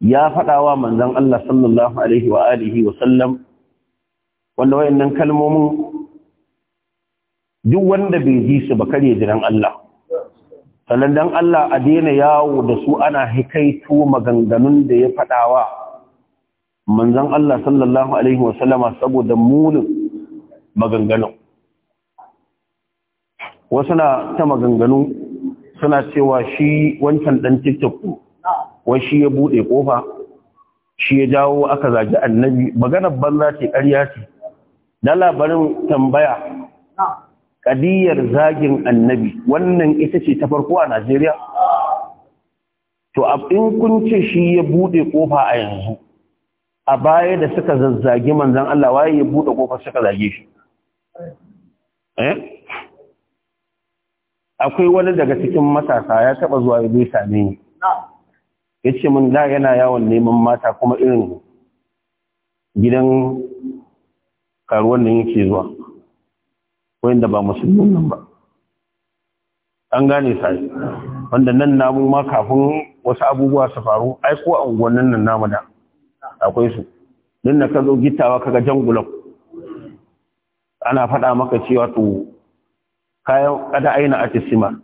ya faɗawa manzan Allah sallallahu alaihi wa alihi wa sallam wanda wayannan kalmomin duk wanda bai ji su ba kare jiran Allah sannan dan Allah a daina yawo da su ana hikaito maganganun da ya faɗawa manzan Allah sallallahu alaihi wa sallama saboda munin maganganun wasu na ta maganganu suna cewa shi wancan ɗan tiktok wai shi ya buɗe kofa? shi ya jawo aka zagi annabi maganar banza ce ƙarya ce na labarin tambaya kadiyar zagin annabi wannan ita ce ta farko a najeriya to in kun ce shi ya buɗe kofa a yanzu a baya da suka zazzagi manzan Allah waye ya buɗe kofar suka zage shi eh? akwai wani daga cikin matasa ya taɓa zuwa ya bai same ni ya ce mun da yana yawon neman mata kuma irin gidan karuwan nan yake zuwa wanda ba musulmin nan ba an gane sai wanda nan namu ma kafin wasu abubuwa su faru ai ko a unguwannin nan namu da akwai su din na ka zo gittawa kaga jangulan ana faɗa maka cewa to kayan kada aina a tisima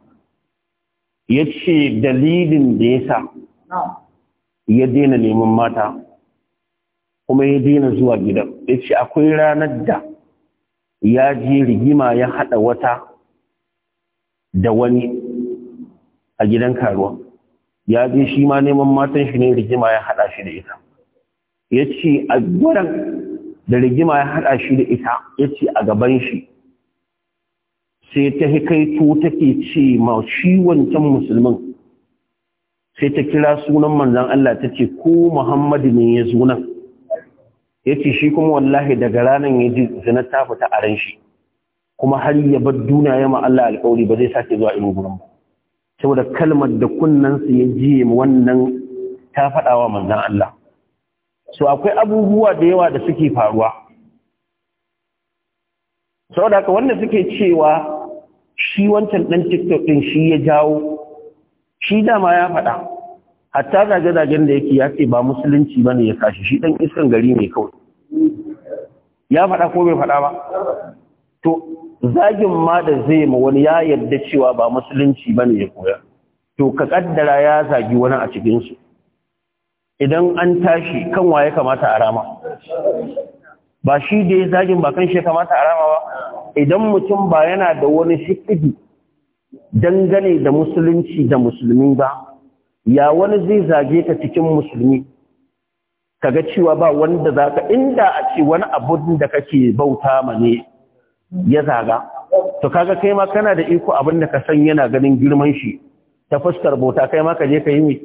yace dalilin da ya sa. ya daina neman mata kuma ya daina zuwa gidan ya ce akwai ranar da ya je rigima ya haɗa wata da wani a gidan karuwa ya je shi ma neman matan shi ne rigima ya haɗa shi da ita ya ce a gudan da rigima ya haɗa shi da ita ya ce a gaban shi sai ta hikaito take ce ma shi wancan musulmin sai ta kira sunan manzan Allah ta ce ko Muhammadu ne ya zo nan ya ce shi kuma wallahi daga ranar ya ji zina ta fita a ran shi kuma har ya bar duna ya ma Allah alƙawari ba zai sake zuwa irin gurin ba saboda kalmar da kunnensa ya ji wannan ta faɗa wa manzan Allah so akwai abubuwa da yawa da suke faruwa saboda haka wanda suke cewa shi wancan ɗan tiktok ɗin shi ya jawo shi dama ya faɗa hatta zage-zagen da yake ya ce ba musulunci ba ne ya sashi shi ɗan iskan gari ne kawai ya faɗa ko bai faɗa ba to zagin ma da zai ma wani ya yarda cewa ba musulunci ba ne ya koya to ka kaddara ya zagi wani a cikinsu idan an tashi kan waye kamata a rama ba shi da ya zagin ba kan shi kamata a rama ba idan mutum ba yana da wani shikidi dangane da musulunci da musulmi ba ya wani zai zage ka cikin musulmi kaga cewa ba wanda zaka inda a ce wani abun da kake bauta ma ne ya zaga to kaga kai ma kana da iko abin da ka san yana ganin girman shi ta fuskar bauta kai ma ka je ka yi mi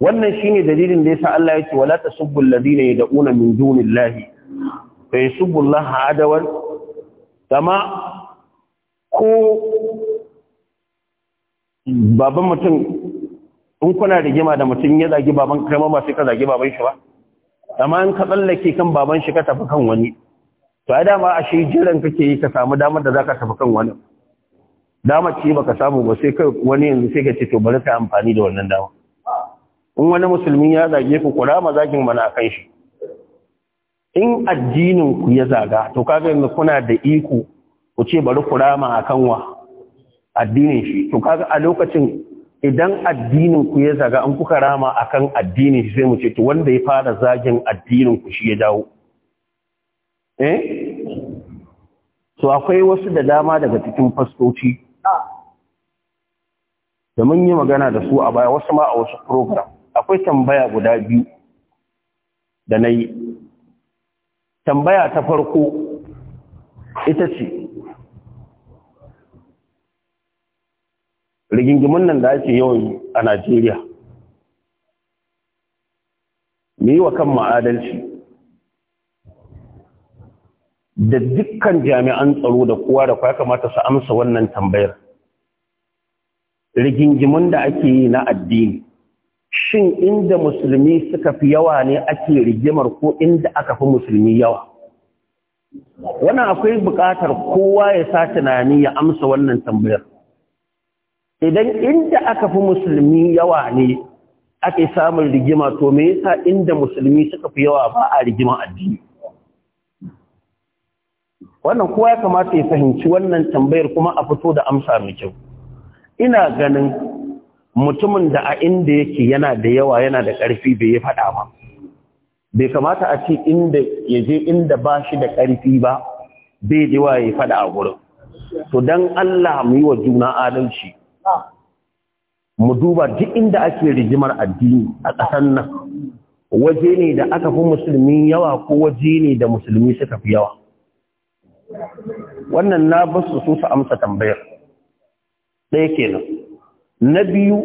wannan shine dalilin da ya sa Allah ya ce wala tasubbu alladhina yad'una min dunillahi fa yasubbu Allah adawan kama ko baban mutum in kuna rigima da mutum ya zagi baban kai ma sai ka zagi baban shi ba amma in ka tsallake kan baban shi ka tafi kan wani to ai dama a shi jiran kake yi ka samu damar da zaka tafi kan wani dama ce baka samu ba sai kai wani yanzu sai ka ce to bari ka amfani da wannan dama in wani musulmi ya zage ku kura ma zagin mana akan shi in addinin ku ya zaga to kaga yanzu kuna da iko ku ce bari ku rama akan wa addinin shi to kaga a lokacin idan addinin ku ya zaga an kuka rama akan addinin shi sai mu ce to wanda ya fara zagin addinin ku shi ya dawo eh so akwai wasu da dama daga cikin fastoci da mun yi magana da su a baya wasu ma a wasu program akwai tambaya guda biyu da na yi tambaya ta farko ita ce rigingimin nan da ake yawan a Najeriya mu yi wa kan ma'adalci da dukkan jami'an tsaro da kowa da kwa kamata su amsa wannan tambayar rigingimin da ake yi na addini shin inda musulmi suka fi yawa ne ake rigimar ko inda aka fi musulmi yawa wannan akwai buƙatar kowa ya sa tunani ya amsa wannan tambayar idan inda aka fi musulmi yawa ne ake samun rigima to me yasa inda musulmi suka fi yawa ba a rigima addini wannan kowa ya kamata ya fahimci wannan tambayar kuma a fito da amsa mai kyau ina ganin mutumin da a inda yake yana da yawa yana da ƙarfi bai yi faɗa ba bai kamata a ce inda ya je inda ba shi da ƙarfi ba bai yi wa ya faɗa a gurin to don Allah mu yi wa juna adalci mu duba duk inda ake rigimar addini a ƙasar nan waje ne da aka fi musulmi yawa ko waje ne da musulmi suka fi yawa wannan na basu su su amsa tambayar ɗaya kenan na biyu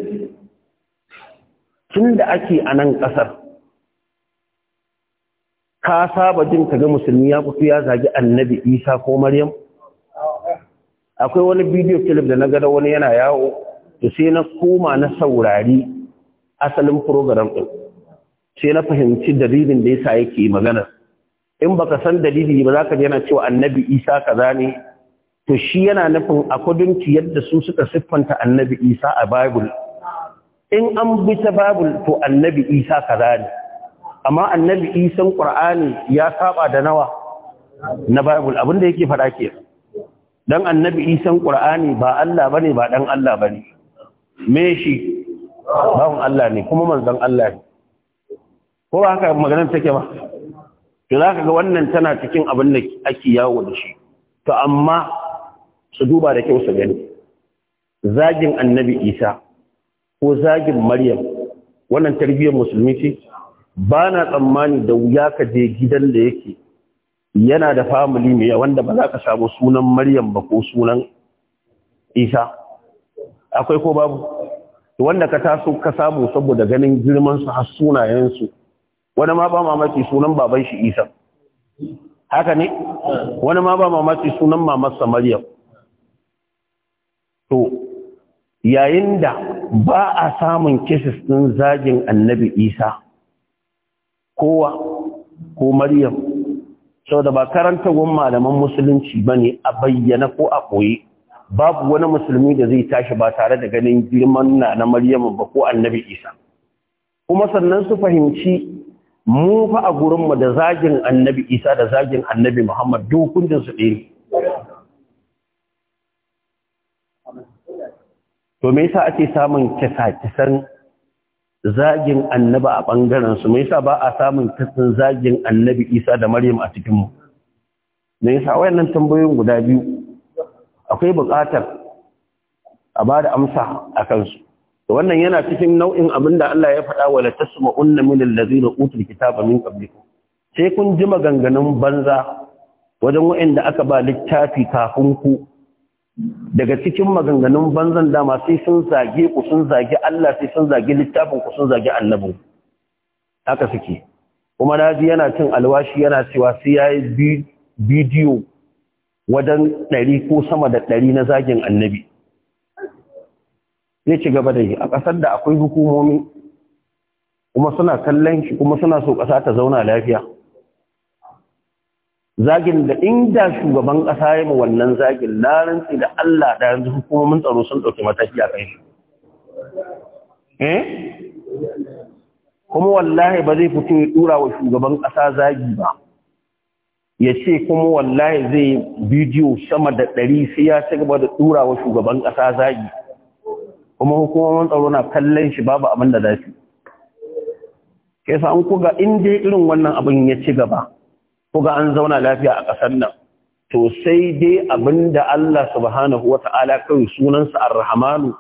tun da ake a nan ƙasar ka saba jin kaga musulmi ya fito ya zagi annabi isa ko maryam akwai wani bidiyo clip da na gada wani yana yawo to sai na koma na saurari asalin program ɗin sai na fahimci dalilin da yasa yake magana in baka san dalili ba za ka yana cewa annabi isa kaza ne to shi yana nufin to yadda su suka siffanta annabi isa a bible in an bi ta bible to annabi isa kaza ne amma annabi isan qur'ani ya saba da nawa na bible abinda yake faɗa kenan dan annabi isan qur'ani ba Allah bane ba dan Allah bane me shi bawon Allah ne kuma manzon Allah ne ko haka maganar take ba to zaka ga wannan tana cikin abin da ake yawo da shi to amma su duba da kyau su gani zagin annabi isa ko zagin maryam wannan tarbiyyar musulmi ce ba na tsammani da wuya ka je gidan da yake yana da famili mai wanda ba za ka samu sunan maryam ba ko sunan isa akwai ko babu wanda ka taso ka samu saboda ganin girman su har su wani ma ba mamaki sunan baban shi isa haka ne wani ma ba mamaki sunan sa maryam to yayin da ba a samun cases din zagin annabi isa kowa ko maryam Sau da ba karantawan malaman musulunci ba ne a bayyana ko a koyi babu wani musulmi da zai tashi ba tare da ganin girman na na Maryamu ba ko Annabi Isa kuma sannan su fahimci mu fa a gurinmu da zagin annabi isa da zagin annabi muhammad dukundinsu ɗaya to me yasa ake samun kisa-kisan zagin annaba a ɓangarensu su mai sa ba a samun kasin zagin annabi isa da maryam a cikinmu mai sa wayannan tambayoyin guda biyu akwai buƙatar a ba da amsa a kansu wannan yana cikin nau'in abin da Allah ya faɗa wa latasma'unna min allazina utul kitaba min qablikum sai kun ji maganganun banza wajen waɗanda aka ba littafi kafin ku daga cikin maganganun banzan dama sai sun zage ku sun zage Allah sai sun zage littafin ku sun zage annabi haka suke kuma naji yana cin alwashi yana cewa sai yayi bidiyo wadan ɗari ko sama da ɗari na zagin annabi Ya ci gaba da yi a kasar da akwai hukumomi kuma suna kallon shi kuma suna so ƙasa ta zauna lafiya zagin da inda shugaban ƙasa ya mu wannan zagin larantsi da Allah da yanzu hukumomin tsaro sun ɗauki mataki a kai eh? kuma wallahi ba zai fito ya ɗura wa shugaban ƙasa zagi ba ya ce kuma wallahi zai bidiyo sama da ɗari sai ya ci gaba da ɗura wa shugaban ƙasa zagi kuma hukumomin tsaro na kallon shi babu abin da za su kai an kuga in dai irin wannan abin ya ci gaba kuga an zauna lafiya a ƙasar nan to sai dai abinda Allah subhanahu wata'ala kai sunansa ar-rahmanu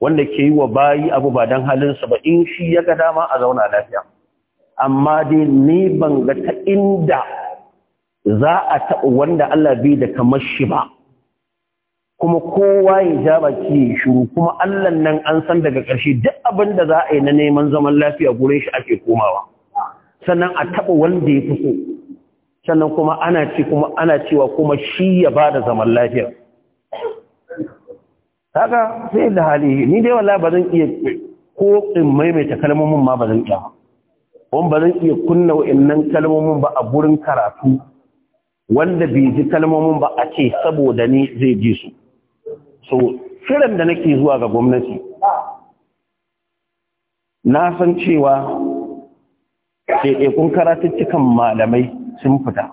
wanda ke yi wa bayi abu ba dan halin sa ba in shi ya ga dama a zauna lafiya amma dai ni ban ga ta inda za a taɓa wanda Allah bai da kamar shi ba kuma kowa ya ja baki ya shiru kuma Allah nan an san daga ƙarshe duk abinda za a yi na neman zaman lafiya gure shi ake komawa sannan a taɓa wanda ya fi so sannan kuma ana ci kuma ana cewa kuma shi ya bada zaman lafiya kaga sai da hali ni dai wallahi ba zan iya ko in maimaita kalmomin ma ba zan iya kuma ba zan iya kunna wa'annan kalmomin ba a gurin karatu wanda bai ji kalmomin ba a ce saboda ni zai ji su so kiran da nake zuwa ga gwamnati na san cewa ɗaiɗaikun karatuttukan malamai sun fita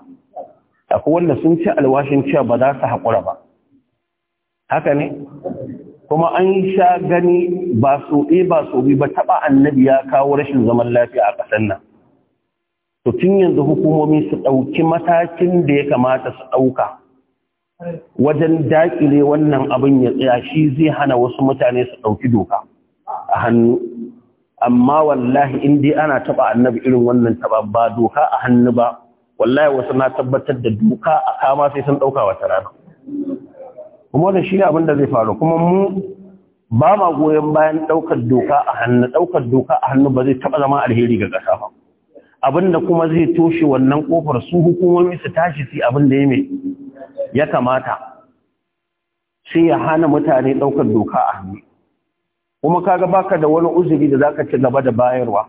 akwai wanda sun ci alwashin cewa ba za su haƙura ba haka ne kuma an sha gani ba su ɗe ba su bi ba taɓa annabi ya kawo rashin zaman lafiya a ƙasar nan to tun yanzu hukumomi su ɗauki matakin da ya kamata su ɗauka wajen daƙile wannan abin ya tsaya shi zai hana wasu mutane su ɗauki doka a hannu amma wallahi in dai ana taɓa annabi irin wannan taɓa ba doka a hannu ba wallahi wasu na tabbatar da duka a kama sai sun ɗaukawa wata rana kuma da shi abin da zai faru kuma mu ba ma goyon bayan ɗaukar doka a hannu ɗaukar doka a hannu ba zai taba zama alheri ga kasa ba abin da kuma zai toshe wannan kofar su hukumomi su tashi su abin da ya ya kamata sai ya hana mutane ɗaukar doka a hannu kuma kaga baka da wani uzuri da zaka ci gaba da bayarwa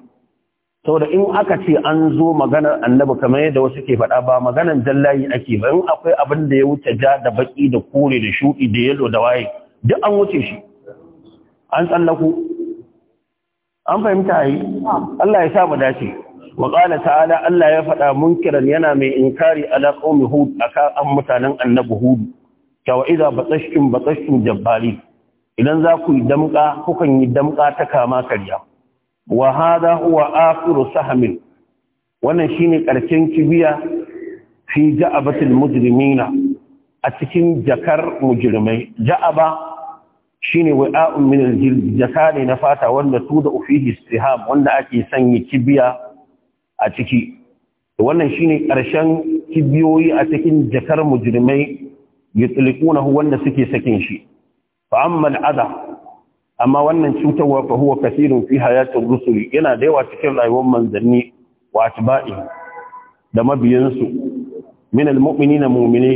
Sau da in aka ce an zo maganar annabi kamar yadda wasu ke faɗa ba maganar jallayi ake ba in akwai abin da ya wuce ja da baki da kore da shuɗi da yalo da waye duk an wuce shi an tsallaku an fahimta yi Allah ya sa mu dace wa qala ta'ala Allah ya faɗa munkiran yana mai inkari ala qaumi hud aka an mutanen annabi hud wa idza batashtum batashtum jabbari idan za ku yi damka kukan yi damka ta kama karya wa hada huwa akhiru sahmin wannan shine karshen kibiya fi ja'abatil mujrimina a cikin jakar mujrimai ja'aba shine wa'a'un min al-jild na fata wanda su da ufihi istiham wanda ake sanya kibiya a ciki wannan shine karshen kibiyoyi a cikin jakar mujrimai yutliqunahu wanda suke sakin shi fa amma al amma wannan cutarwa fa huwa kasirun fi hayatir rusul yana da yawa cikin rayuwar manzanni wa atba'i da mabiyansu min almu'minina mu'mini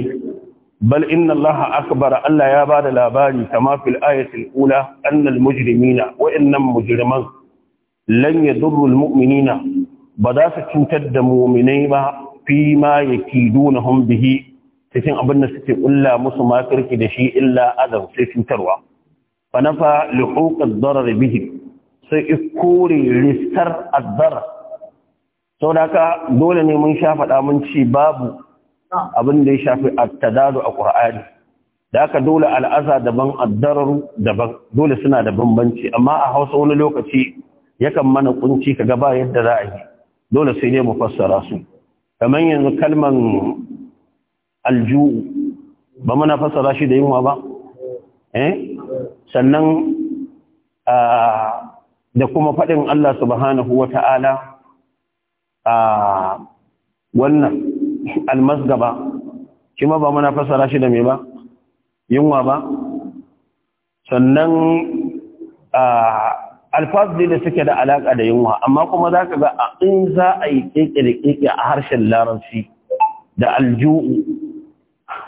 bal inna Allah akbar Allah ya bada labari kama fil ayatil ula anna almujrimina wa innam mujriman lan yadurru almu'minina ba za su cutar da mu'minai ba fi ma yakidunhum bihi cikin abin da suke kulla musu makirki da shi illa azab sai cutarwa fa nafa luhuq ad-darar bihi sai ikore ristar ad-darar saboda haka dole ne mun sha faɗa ci babu abin da ya shafi at a Qur'ani da haka dole al'aza daban addararu daban dole suna da bambanci amma a Hausa wani lokaci yakan mana kunci kaga ba yadda za yi dole sai dai mu fassara su kamar yanzu kalman alju'u bamu na fassara shi da yunwa ba eh? sannan da kuma faɗin Allah subhanahu wa ta'ala a wannan almasgaba shi ma ba muna fassara shi da mai ba yunwa ba sannan alfazdi da suke da alaƙa da yunwa amma kuma za ka ga a in za a yi ƙiƙe a harshen larabci da alju'u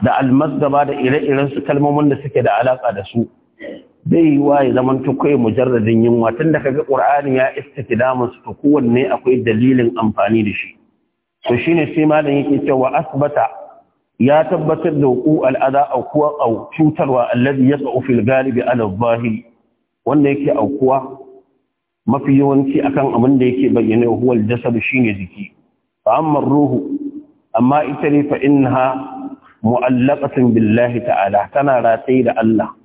da almasgaba da ire-irensu kalmomin da suke da alaƙa da su bai yi wa ya zaman tukwai mujarradin yunwa tun da kaga ƙur'ani ya istitidamun su kowanne akwai dalilin amfani da shi to shine sai malam yake cewa asbata ya tabbatar da wuƙu al'ada aukuwa au cutarwa allazi yaqau fil galibi ala zahiri wanda yake aukuwa mafi yawanci akan abin da yake bayyana huwal jasad shine jiki fa amma ruhu amma ita ne fa innaha mu'allaqatun billahi ta'ala tana ratai da Allah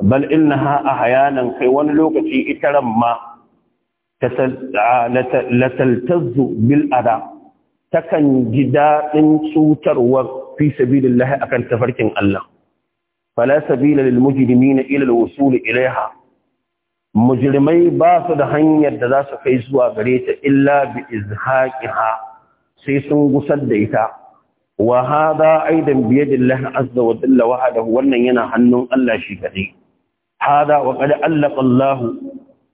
bal innaha ahyanan kai wani lokaci ita ran ma lataltazzu bil ada takan ji daɗin cutarwa fi sabilillahi akan tafarkin Allah fala sabila lil mujrimina ila al wusul ilaiha mujrimai ba su da hanyar da za su kai zuwa gare ta illa bi izhaqiha sai sun gusar da ita وهذا da بيد Azza wa وجل وحده وأن ينا حنون الله شيء كثير هذا وقد علق الله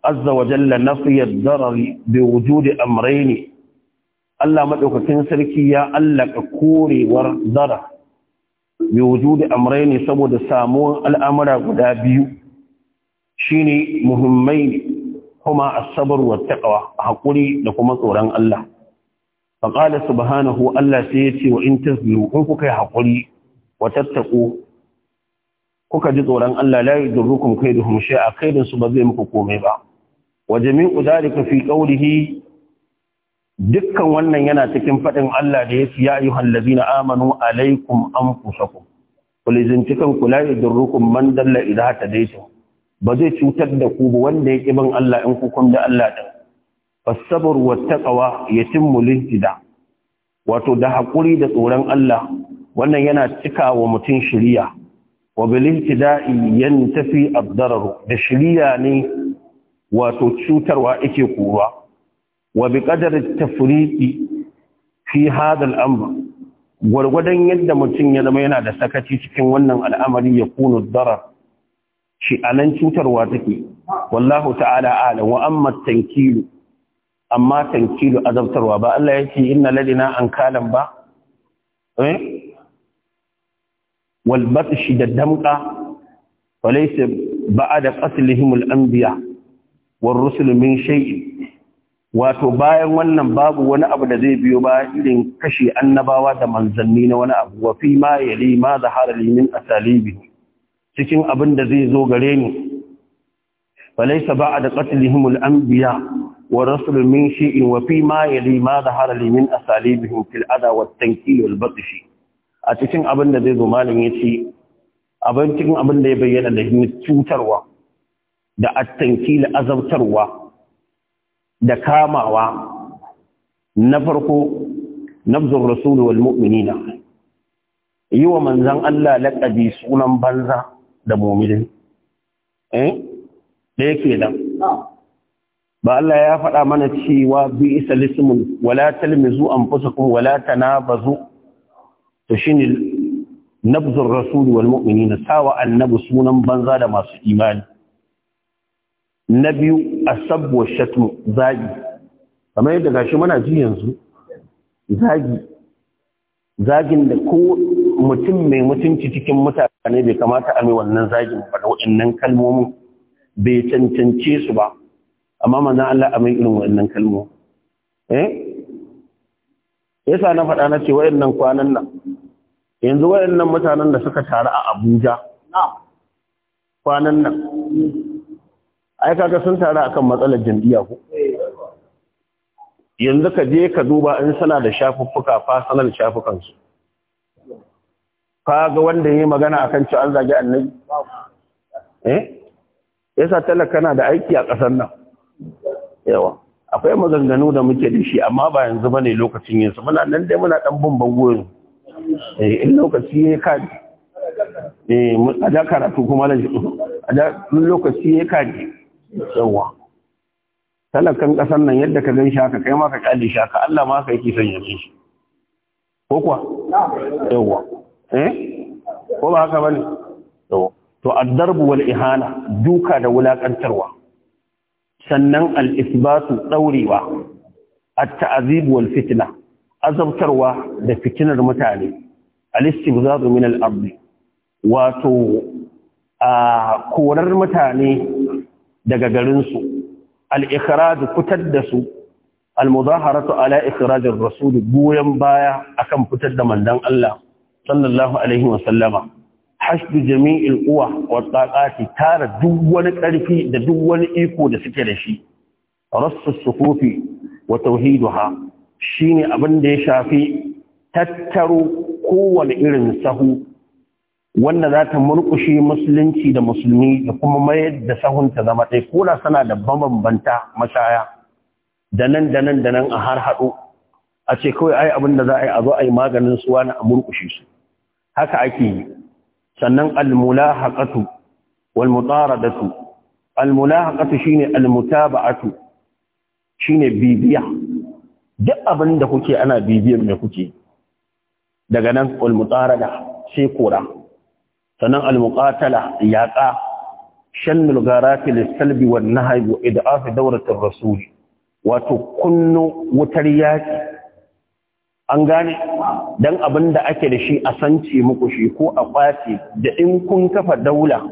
عز وجل نفي الضرر بوجود أمرين الله مدوكتين سركي يا علق كوري والضرر بوجود أمرين سبود سامون الأمر قدابيو شيني مهمين هما الصبر والتقوى حقولي لكم صوران الله فقال سبحانه الله سيتي وإن تزلوا إنكم كي حقولي وتتقوا kuka ji tsoron Allah la yudurrukum kaiduhum shay'a kaidun su ba zai muku komai ba wa jami'u dalika fi qawlihi dukkan wannan yana cikin fadin Allah da yake ya ayyuhal ladina amanu alaikum anfusakum kulizin cikan kula yudurrukum man dalla idha tadaytum ba zai cutar da ku ba wanda yake bin Allah in ku kun da Allah da fasabr wa taqwa yatimmu lintida wato da hakuri da tsoron Allah wannan yana cika wa mutum shiriya wa bilihtida'i yantafi ad-darar da shiriya ne wato cutarwa ake kowa. wa bi qadari fi hadha al gwargwadon yadda mutum ya zama yana da sakaci cikin wannan al'amari ya kunu darar shi anan cutarwa take wallahu ta'ala a'lam wa amma tankilu amma tankilu azabtarwa ba Allah ya yake ina ladina ankalan ba eh wal batshi da damka wa laysa ba'da qatlihim al anbiya war rusul min wato bayan wannan babu wani abu da zai biyo ba irin kashe annabawa da manzanni na wani abu wa fi ma yali ma zahara li min asalibi cikin abinda zai zo gare ni falaysa ba'da qatlihim al-anbiya wa min shay'in wa fi ma ma a cikin abin da zai zo malam ya ce abin cikin abin da ya bayyana da cutarwa da attanki da azabtarwa da kamawa na farko nafzur rasulu wal mu'minina yi wa manzan Allah laƙabi sunan banza da mu'minin eh da yake nan ba Allah ya faɗa mana cewa bi isa lismun wala talmizu anfusakum wala tanabazu to shine nabzur rasul wal mu'minina sawa annabu sunan banza da masu imani na biyu asab wa shatm zagi kamar yadda gashi muna ji yanzu zagi zagin da ko mutum mai mutunci cikin mutane bai kamata a mai wannan zagin ba da waɗannan kalmomin bai cancance su ba amma manzan Allah a mai irin waɗannan kalmomi eh yasa na faɗa na ce waɗannan kwanan nan yanzu wayannan mutanen da suka taru a Abuja kwanan nan ai kaga sun taru akan matsalar jam'iyya ko yanzu ka je ka duba in suna da shafuffuka fa sanar shafukan su kaga wanda yayi magana akan cewa an zage annabi eh yasa talaka na da aiki a ƙasar nan yawa akwai maganganu da muke da shi amma ba yanzu bane lokacin yin su muna nan dai muna dan bin goyon Eh, in lokaci ya kaji eh, a da karatu kuma da shi a lokaci ya kaji yawa talakan ƙasar nan yadda ka gan shaka kai ma ka kyale shaka Allah ma ka yake son yabe shi ko kuwa yawa eh ko ba haka bane yawa to a wal ihana duka da wulakantarwa sannan al isbatu daurewa at ta'azib wal fitna azabtarwa da fitinar mutane al za su al-ard wato a korar mutane daga garinsu, su al fitar da su al-mudaharatu ala ikhraj ar-rasul baya akan fitar da mandan Allah sallallahu alaihi hashdu jami'il uwa wata taqati tara duk wani ƙarfi da duk wani iko da suke da shi rassu kofi wa Tauhidu ha? shine abin da ya shafi tattaro kowane irin sahu wanda za ta murƙushe musulunci da musulmi da kuma mayar da sahun ta zama ɗaya ko da sana da bambanta mashaya da nan da nan da nan a har haɗo, a ce kawai ai abin da za a yi a zo a yi maganin su wani a murƙushe su haka ake yi sannan almulahaqatu wal mutaradatu almulahaqatu shine almutaba'atu shine bibiya duk abin da kuke ana bibiyan mai kuke daga nan al-mutarada sai kora sannan al-muqatala yaqa shannul lis-salbi wan nahyi wa idaf ar rasul wato kunnu wutar yaqi an gane dan abin da ake da shi a sance muku shi ko a kwace da in kun kafa daula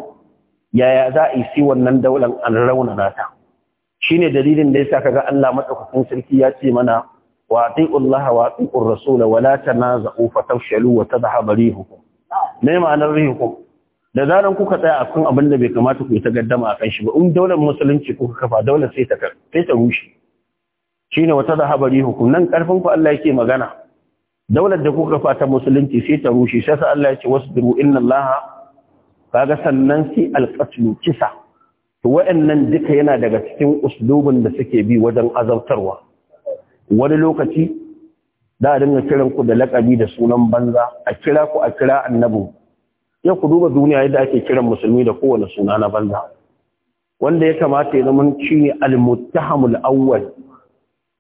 yaya za a yi si wannan daular an raunana ta shine dalilin da yasa kaga Allah madaukakin sarki ya ce mana wa ati'u Allah wa ati'u Rasul wa la tanaza'u fatafshalu wa tadhhab rihukum me ma'anar rihukum da zaran kuka tsaya akan abin da bai kamata ku yi ta gaddama akan shi ba in daular musulunci kuka kafa daular sai ta sai ta rushe shine wa tadhhab rihukum nan karfin ku Allah yake magana daular da kuka kafa ta musulunci sai ta rushe sai sa Allah ya ce wasbiru inna Allah kaga sannan sai alqatlu kisa to wa'annan duka yana daga cikin uslubin da suke bi wajen azabtarwa wani lokaci da a dinga kiran ku da lakabi da sunan banza a kira ku a kira Annabu? yau ku duba duniya yadda ake kiran musulmi da kowane suna na banza wanda ya kamata ya zama shi ne almuttahamul awwal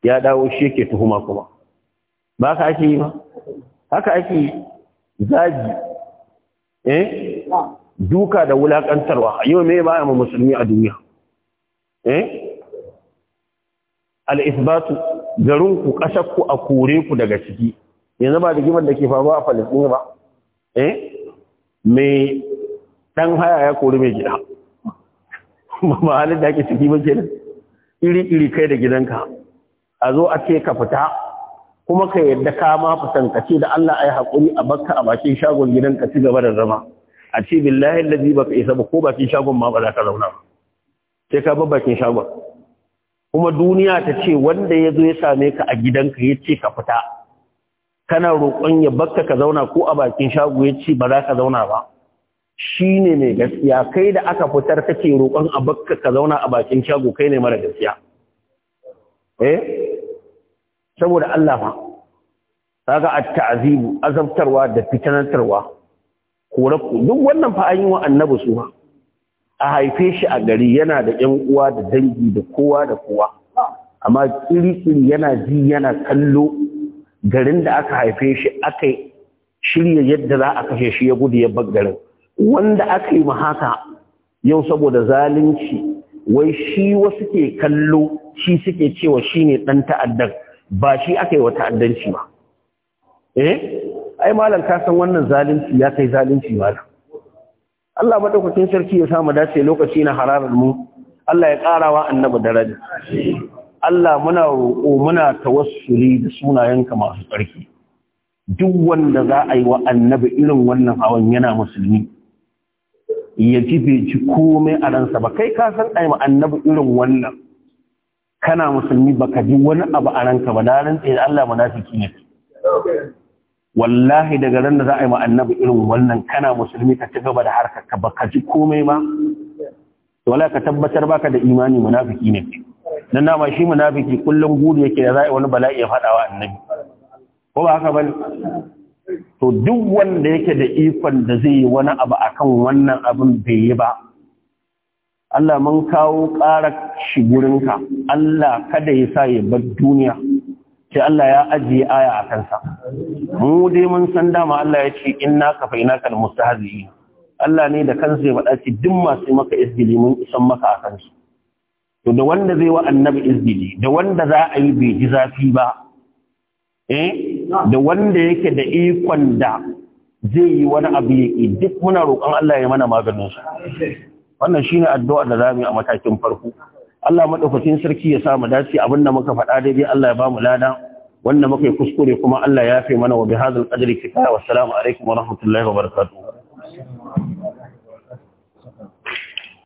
ya dawo shi yake tuhuma kuma ba ka ake yi ba haka ake zagi eh duka da wulakantarwa yau me ba mu musulmi a duniya eh al-ithbatu garinku ƙasarku a kore ku daga ciki yanzu ba da gimar da ke faruwa a falasɗin ba eh mai ɗan haya ya kori mai gida ba halin da ake ciki ba kenan iri-iri kai da gidanka a zo a ce ka fita kuma ka yadda ka ma fitan ka ce da Allah ai haƙuri a bakka a bakin shagon ka ci gaba da zama a ce billahi ba baka isa ba ko bakin shagon ma ba za ka zauna sai ka bar bakin shagon kuma duniya ta ce wanda ya zo ya same ka a gidanka ya ce ka fita kana roƙon ya bakka ka zauna ko a bakin shago ya ce ba za ka zauna ba shi ne mai gaskiya kai da aka fitar kake roƙon a bakka ka zauna a bakin shago kai ne mara gaskiya eh saboda Allah ma kaga at-ta'zibu azabtarwa da fitanantarwa kore duk wannan fa an yi wa annabi su ma a haife shi a gari yana da 'yan uwa da dangi da kowa da kowa amma kiri yana ji yana kallo garin da aka haife shi aka shirya yadda za a kashe shi ya gudu ya bar wanda aka yi haka yau saboda zalunci wai shi wasu ke kallo shi suke cewa shi ne ɗan ta'addar ba shi aka yi wa ta'addanci ba eh ai malam ka san wannan zalunci ya kai zalunci malam Allah madaukakin sarki ya samu dace lokaci na hararar mu Allah ya karawa annabi daraja Allah muna roƙo muna tawassuli da sunayenka masu tsarki duk wanda za a yi wa annabi irin wannan hawan yana musulmi ya ji bai ci komai a ransa ba kai ka san ma annabi irin wannan kana musulmi baka ji wani abu a ranka ba da ran tsaye Allah munafiki ne wallahi daga ran da za a yi annabi irin wannan kana musulmi ka ci gaba da harkar ka baka ji komai ba wala ka tabbatar baka da imani munafiki ne dan nama shi munafiki kullum guri yake da za a yi wani bala'i ya faɗawa annabi ko ba haka bane to duk wanda yake da ikon da zai yi wani abu akan wannan abin bai yi ba Allah mun kawo ƙara shi Allah kada ya sa ya bar duniya sai Allah ya ajiye aya a kansa mu dai mun san dama Allah ya ce inna inaka almustahzi Allah ne da kansa ya faɗa ce duk masu maka izgili mun san maka a kansu to da wanda zai wa annabi izgili da wanda za a yi bai ji zafi ba eh da wanda yake da ikon da zai yi wani abu ya duk muna roƙon Allah ya mana maganin su wannan shine addu'a da zamu yi a matakin farko Allah madaukakin sarki ya sa mu dace abinda muka faɗa daidai Allah ya ba mu lada wanda muka yi kuskure kuma Allah ya yafe mana wa bihadhal qadri kifaya wassalamu alaikum wa rahmatullahi wa barakatuh